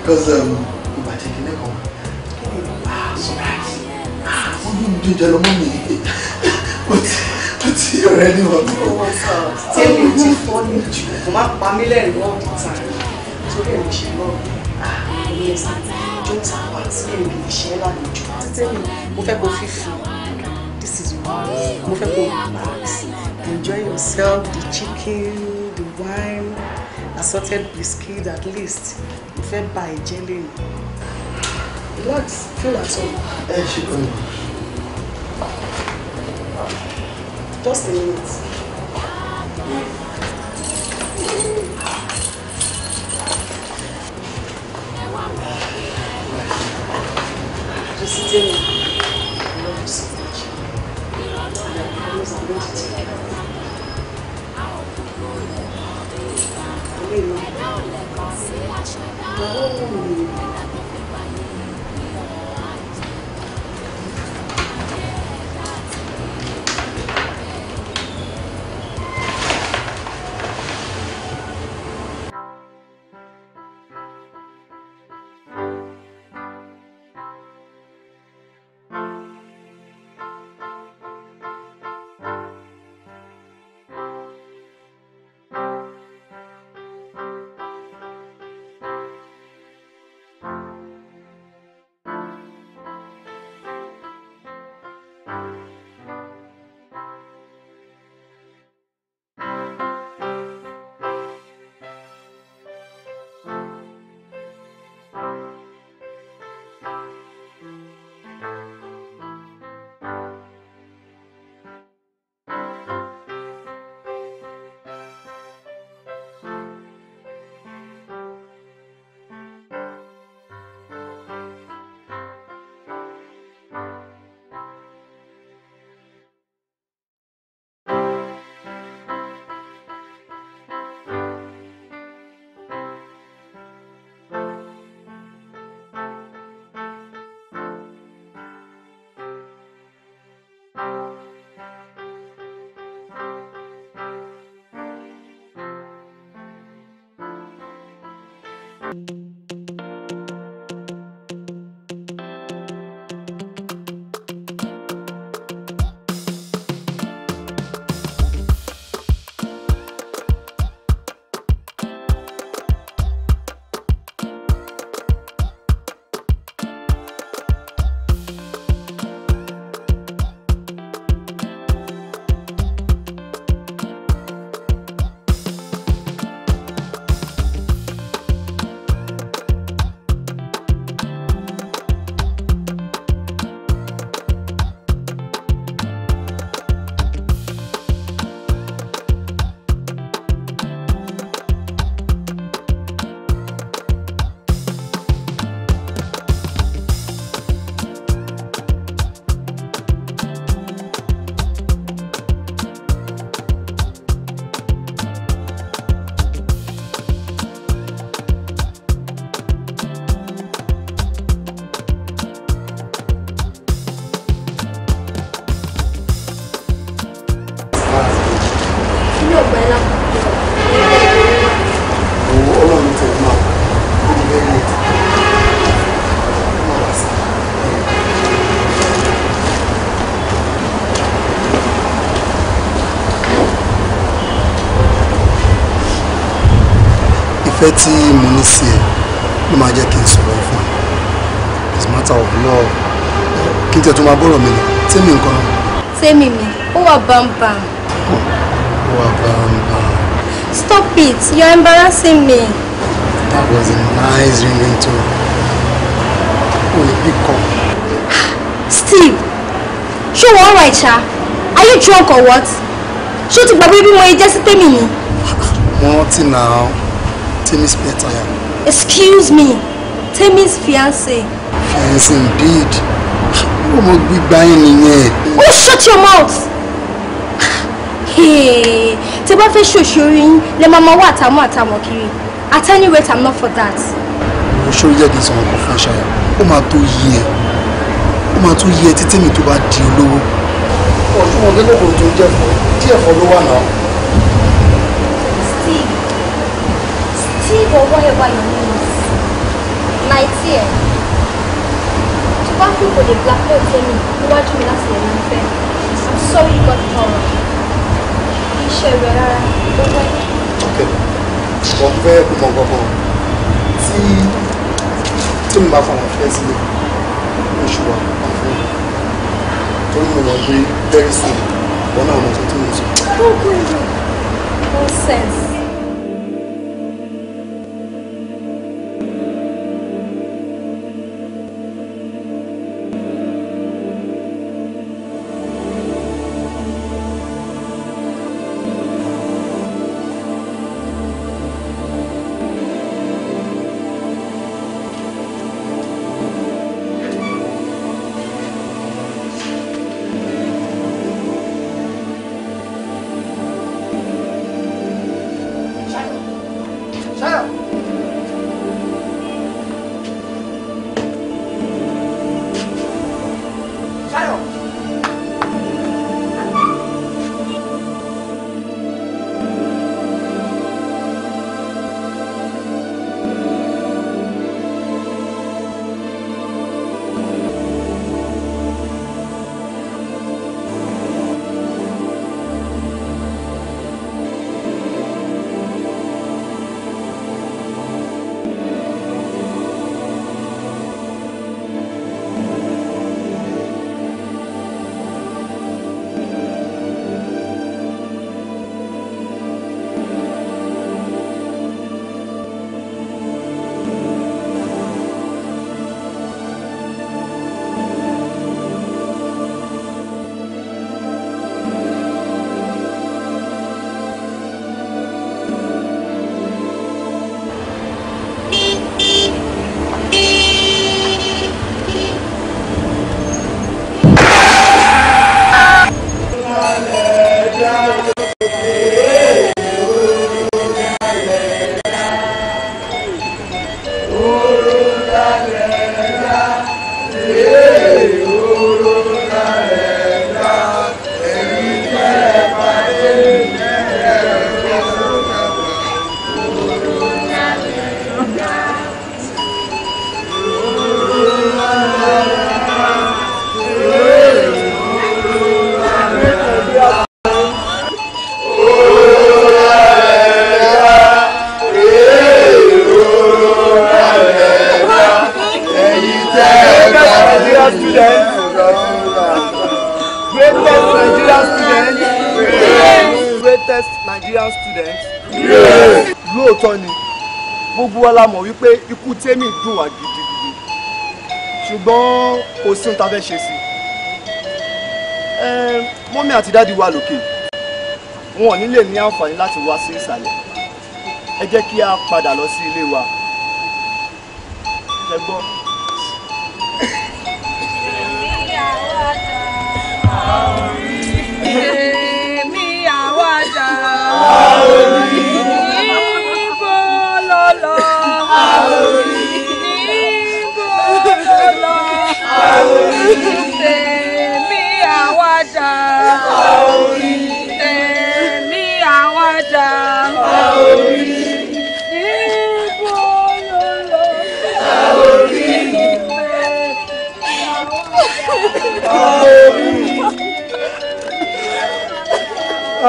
Because, um, if I take a look, ah, surprise. Ah, what do you do, Jello Mommy? But, but you're already on. Oh, what's up? Tell me to phone you. Mo máa pa mí lẹ́rìn all the time. Torí ẹ̀ mo ṣe lọ. Ah, yes. Don't have what? Maybe you share that with you. Tell me, we'll fẹ́ kó This is why. Mo fẹ́ kó relax. Enjoy yourself, the chicken, the wine assorted biscuit at least mo fẹ́ ba ìjẹ́ relax feel at home. ẹ ṣe kàn just a minute. Just a minute. Oh. Thank you. ìfẹ́ tí mo ní sí ẹ ló máa jẹ́ kí n sọ̀rọ̀ ẹ fún ẹ as a matter of law kí n tẹ̀ tó máa bọ̀rọ̀ mi lọ tẹ́mi nǹkan. tẹ́mi mi ó wà bámbám. ó wà bámbám. stop it you are embarrassing me. that was a nice ring into o lè pick up. steve ṣé wọ́n rà ìṣá are you drunk or what ṣé o ti gbàgbé bí mo yẹ jẹ́ sí tẹ́mi yìí. wọ́n ti nà án. Temi's pet I am. Excuse me, Temi's fiance. Fiance indeed. Who Ọmọ gbígbá yín nìyẹn. Oh, shut your mouth! Hey, tẹ́ bá fẹ́ ṣòṣòro yín, lẹ máa máa wá àtàmú àtàmọ̀ kiri. At any rate, I'm not for that. Mo ṣó yẹ this n sọ̀rọ̀ kan fún Ṣayọ̀. Ó máa tó yí ẹ. Ó máa tó yí ẹ títí mi tó bá di olówó. Ọ̀ṣun ọ̀gẹ́gẹ́ kò tó jẹ́ fọ́. Díẹ̀ fọ́ ló wà leave or whatever your name is. My dear, tó bá kú kò lè blackmail tẹ́mi níwájú mi láti lè ní fẹ́. I'm sorry you got it all wrong. Kì í ṣe rẹ̀ rárá, ó wẹ́. Ok, wọ́n me mọ̀ kankan tí tó mi bá fọ àwọn fẹ́ sílẹ̀ oṣù wa very soon wọn náà mọ̀ tó tó ń sọ. Nonsense. gbogbo wa la mọ̀ wípé ikú tèmi dùn wá gidigidi ṣùgbọ́n kò sí ohun tá a fẹ́ ṣe sí i mọ́mí àti dáàdi wa lókè wọn ò ní lè ní àǹfààní láti wá sí ìsàlẹ̀ ẹ jẹ́ kí a padà lọ sí ilé wa ẹ gbọ́. Èmi àwàdà. Àwòrán.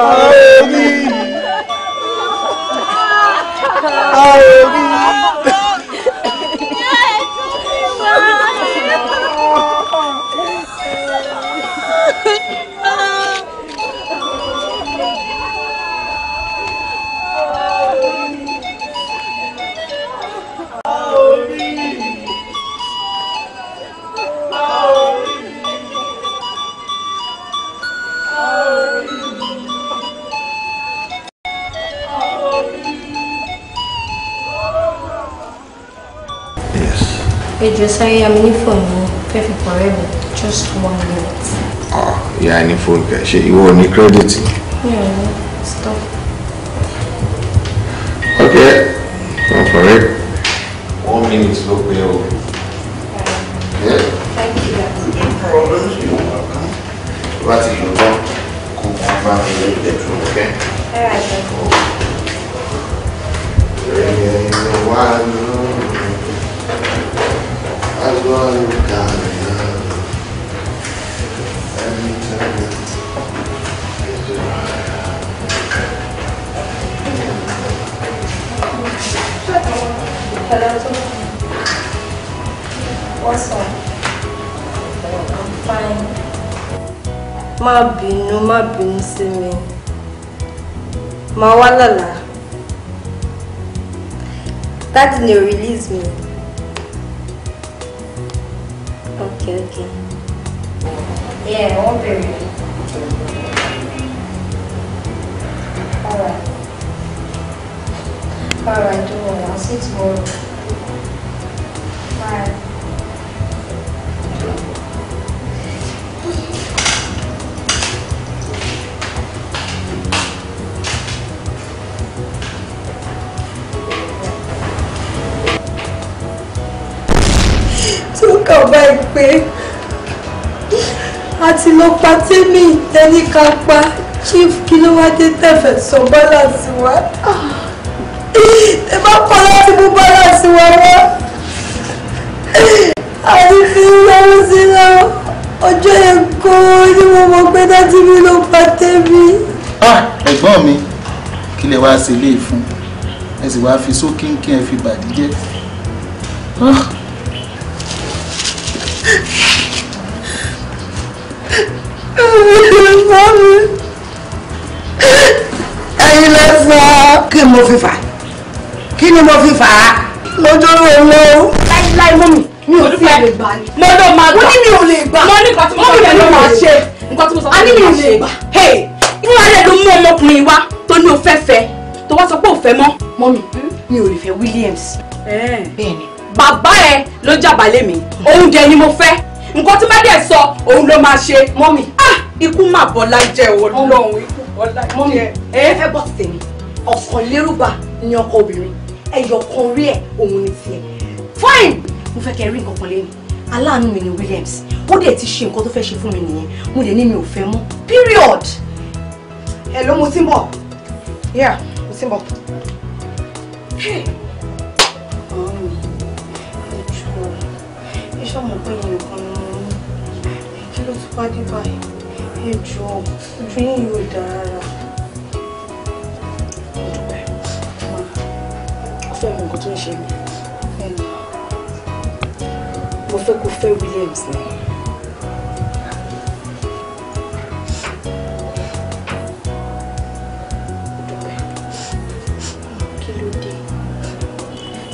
a ò rí i a ò rí i. ẹjọ sáré àmì ní fóònù mi fẹ́ fi pọ̀ just one minute. ìyá ah, ẹni fóònù kẹ ṣe ìwọ ò ní kírẹ́dìtì ni. má bínú má bínú sí mi má wá lọ́la dáàdì ni ò release me. okay, okay. Yeah, all very Alright. Alright, Two more. Six more. ló pa tèmi ìtẹ́níkà pa chief kí ló wá dé tẹ̀fẹ̀ sọ balance wa ẹ bá pa láti mú balance wa wá àti fi lọ́wọ́ sí lọ́wọ́ ọjọ́ yẹn gan-an ni mo mọ̀ pé dájú mi ló pa tèmi. Ah, ẹ̀gbọ́n mi kí lè wá ṣe lé fún ẹ sì wá fi sókínkín ẹ fi bàdí jẹ́. Ah. kí mo fi fà kí ni mo fi fà á lójóró owó. láíláí mú mi mi ò tí ẹ lè gbà ni. mo ló máa gbà mo ní mi ò lè gbà mo ní nǹkan tí mo sọ pé mo máa ṣe nǹkan tí mo sọ pé mo máa ṣe. a alẹ́ ló mú ọmọkùnrin wa tó ní o fẹ́ fẹ́ tó wá sọ pé ò fẹ́ mọ́. mọ́mì hmm? mi ò lè fẹ́ Williams. Eh. bẹ́ẹ̀ni. bàbá ẹ ló jàbálẹ̀ mi mm. oúnjẹ ni mo fẹ́ nǹkan tí má dẹ̀ sọ òun ló máa ṣe mọ́mì. Ah, ikú mà bọ́lá jẹ́ ọlọ́run ikú bọ́lá jẹ́ eh, ẹ ọ̀kànlérúgba ni ọkọ obìnrin ẹyọ kan rí ẹ òun ni tiẹ̀ fine mo fẹ́ kẹ́ rí nǹkan kan lẹ́nu aláàánú mi ni Williams ó dẹ̀ ti ṣe nǹkan tó fẹ́ ṣe fún mi nìyẹn mo dẹ̀ ní mi ò fẹ́ mọ́ period ẹ̀ ló mo ti ń bọ̀ yeah mo ti ń bọ̀. Hey iṣẹ́ mọ̀ pé nìkan ni mo ní kí ló tún wá dé báyìí ẹ jọ̀ọ́ ojú yín yóò dára. ṣe mí mo fẹ́ kó fẹ́ Williams ni. kí ló dé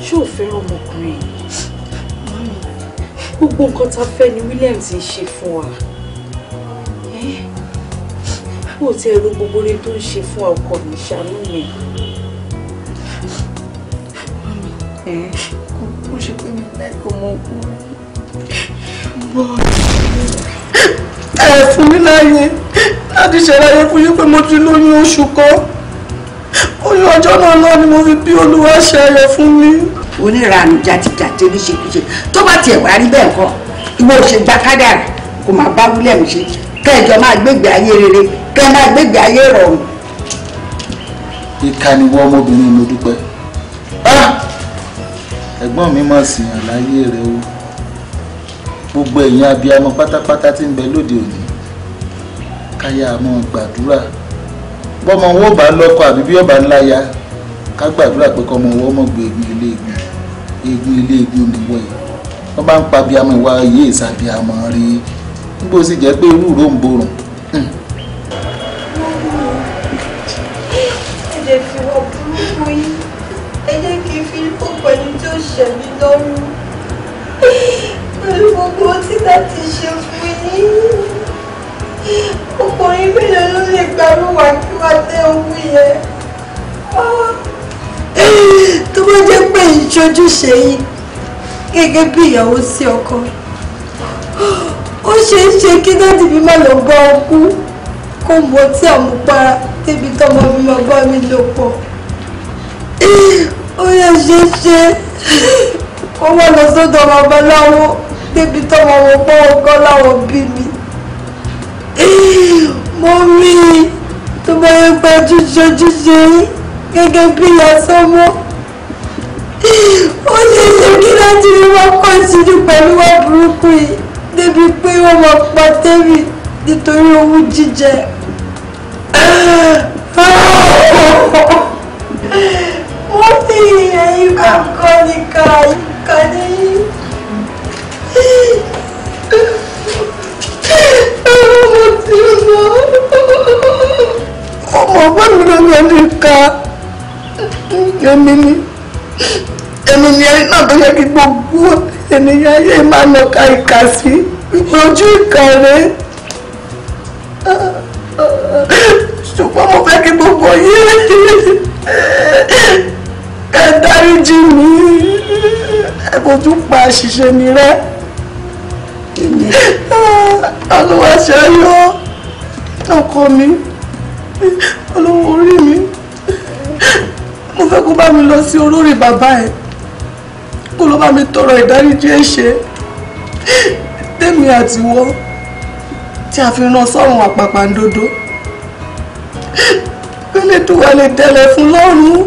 ṣé ò fẹ́ràn ọmọkùnrin yìí gbogbo nǹkan tá fẹ́ ni Williams ń ṣe fún wa ó ti ẹ̀rọ gbogbo rẹ tó ń ṣe fún ọkọ mi ṣàánú mi. kò ṣe pé mi lẹ́kọ̀ọ́ ọmọkùnrin bọ́ ẹ fún mi láàyè láti ṣẹláyé fún yín pé mo ti lóyún oṣù kan oyún ọjọ́ náà náà ni mo fi bí olúwa ṣe ayọ̀ fún mi. oníranú jàtijàti oníṣekúṣe tó bá tiẹ̀ wá rí bẹ́ẹ̀ kọ́ ìwọ òṣè gba kádàrà kò máa bá wúlẹ̀ mi ṣe kẹjọ máa gbégbé ayé rere kẹ máa gbégbé ayé rọrùn. ìkànnì wọ ọmọbìnrin mi dúpẹ́ ẹ̀gbọ́n mi mọ̀ sí yàn láyé rẹ̀ o gbogbo ẹ̀yin abiyamọ pátápátá tí ń bẹ lóde òní káyà mọ́ gbàdúrà bọ́mọ wọn ò bá lọ́kọ àbí bí ọba ńláya ká gbàdúrà pé kọ́mọ wọn mọ̀ gbé egun ilé egun egun ilé egun oníwọ̀ yìí wọ́n bá ń pa abiyamọ ìwà ayé ìsàbíamọ rí nígbò sì jẹ́ pé irú ìró ń borùn lọ́rùn pẹ̀lú gbogbo tí láti ṣe fún yín ọkùnrin mélòó ló lè gbàrúwà kí wá tẹ ohun yẹn tó bá jẹ́ pé ìṣojúṣe yín gẹ́gẹ́ bí ìyàwó sí ọkọ ó ṣe é ṣe kí dáàdì mi má lọ gbọ́ ọkú kó mọ tí àmupara débi tọmọ mi máa bá mi lò pọ̀ ó yẹ ṣe é ṣe ó wọ́n lọ sọ́dọ̀ babaláwo débi tọ́mọ wọn pọ́ ọkọ láwọn bí mi mo rí i tó bá yẹ pé ojúṣe ojúṣe yín gẹ́gẹ́ bí ìyá sọ́mọ́ ó ṣe ṣe kí láti rí wọn kọ́ ìṣírí pẹ̀lú wọn burúkú yìí débi pé wọ́n mọ̀ pa tẹ́rì nítorí owó jíjẹ. wọ́n fi ẹ̀yìn ènìyàn yé máa nà ka ìkà sí ojú ìkà rẹ ṣùgbọ́n mo fẹ́ kí gbogbo yé ẹ dáríjì mi ẹ kò tún pa àṣìṣe mi rẹ́ olúwa ṣayọ̀ ọkọ mi olówó orí mi mo fẹ́ kó bá mi lọ sí olórí bàbá ẹ̀ kó ló bá mi tọrọ ìdáríjì ẹ̀ṣẹ̀ tèmi àtiwọ́ tí a fi rán sọ́run àpàpàǹdodo pélé tó wà lè tẹ̀lé fún lọ́rùn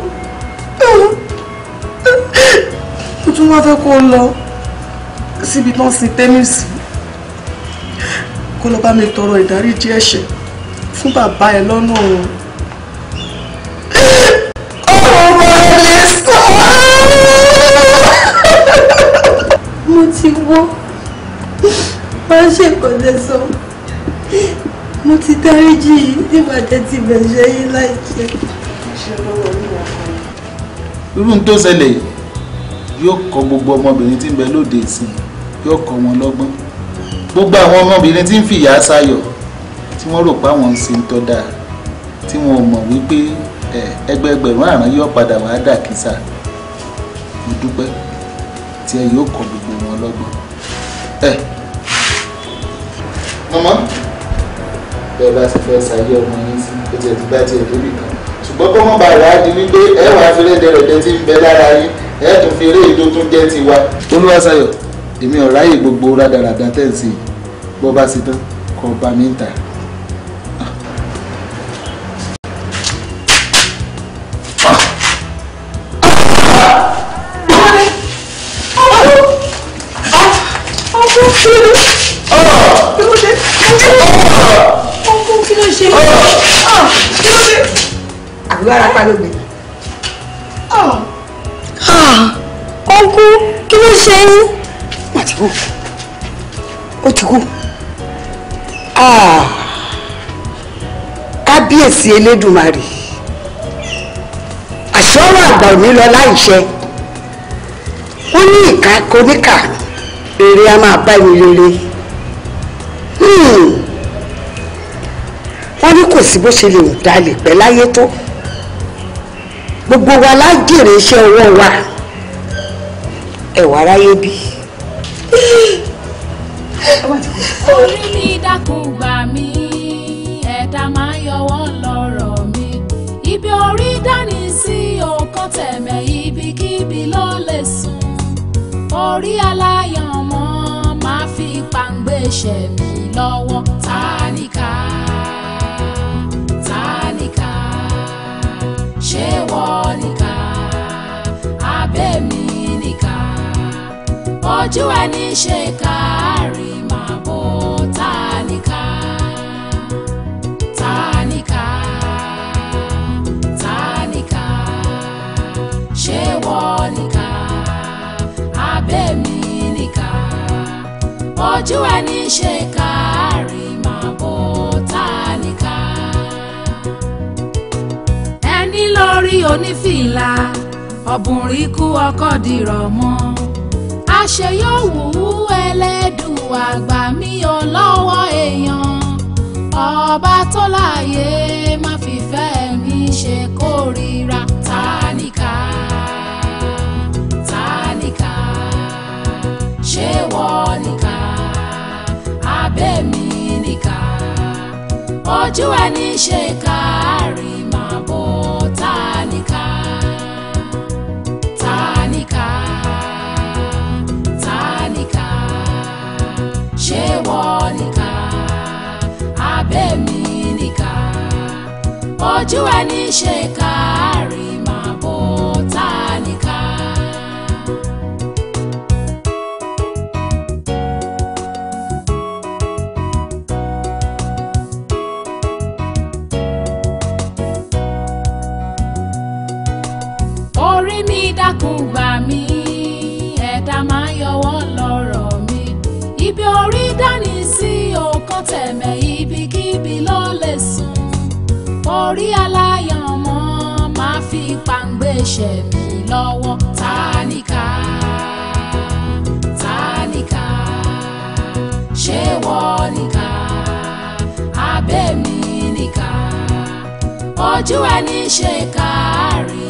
mo tún wá fẹ́ kó lọ síbi tán sin tẹ́mísì kó lọ bá mi tọrọ ìdáríjì ẹ̀ṣẹ̀ fún bàbá ẹ lọ́nà ọ̀run. mo ti wọ́ máa ń ṣèkọ̀lẹ̀ sọ mo ti dáríjì yìí nígbà tẹ́ ti bẹ̀ṣẹ̀ yín láìpẹ́ irú tó ṣẹlẹ̀ yóò kọ gbogbo ọmọbìnrin tí ń bẹ lóde ìsìn yóò kọ wọn lọ́gbọ́n gbogbo àwọn ọmọbìnrin tí ń fìyà sáyọ̀ tí wọ́n rò pé àwọn ń ṣe ń tọ́ dáa tí wọn ò mọ̀ wípé ẹgbẹẹgbẹ̀rún àrùn yóò padà wàá dà kísà mo dúpẹ́ tí ẹ yóò kọ gbogbo wọn lọ́gbọ́n. mọ́mọ́ bẹ́ẹ̀ bá ti fẹ́ ṣayé ọmọ yín sí ó ti ẹ̀ ti bá lórí kan ṣùgbọ́n kó mọ̀ bá wàá di wípé ẹ wà á fi rẹ́dẹ̀rẹ̀dẹ̀ tí ń bẹ lára yín ẹ tún fi eré èdè tó jẹ́ tiwa. Olúwaṣayọ̀ èmi ò ráyè gbogbo rádaràda tẹ̀ ń sè bó bá ṣe tán kó bá mi ń ta. ìlú arapa ló gbé. ọkú ah. ah, kí ló ṣe yín. wọ́n ti kú ó ti kú ah. kábíyèsí elédùnmarè àṣọwọ́ àgbà ò ní lọ láìṣẹ wọ́n ní ìka koníkà rere a máa bá ẹni rere hmm. wọ́n ní kò sí bó ṣe lè dá pẹ́ láyé tó gbogbo wa la iṣẹ́ ọwọ́ wa ẹ̀wà aráyé bí. orí mi dákun gbà mí ẹ̀dá máa ń yọwọ́ lọ́rọ̀ mi ibi orí dání sí ọkọ tẹ̀mẹ̀ ibikíbi ló lè sùn orí aláyàn mọ́ máa fi pàǹgbé ṣẹ̀mí lọ́wọ́ tá a níkà. ṣé wọ́n nìka abẹ́mi nìka ojú ẹni ṣe kárí máa bó ta nìka ta nìka ta nìka ṣé wọ́n ṣe kárí máa bó ta rí onífìlà ọ̀bùnrin kú ọkọ̀ dìrọ̀ mọ́ àṣeyọ̀wò ẹlẹ́dùn àgbà mi ò lọ́wọ́ èèyàn ọba tó láàyè má fìfẹ́ mi ṣe kórìíra tálíkà ojú ẹni ṣe káàrí. ṣé wọ́n nìkan abẹ́mi nìkan ojú ẹni ṣe kárí. jésù orí aláyàn ọmọ máa fi pàǹgbé ṣẹ̀mí lọ́wọ́ tálíkà tálíkà ṣé wọ́n nìkà abẹ́mi nìkà ojú ẹni ṣe kárí.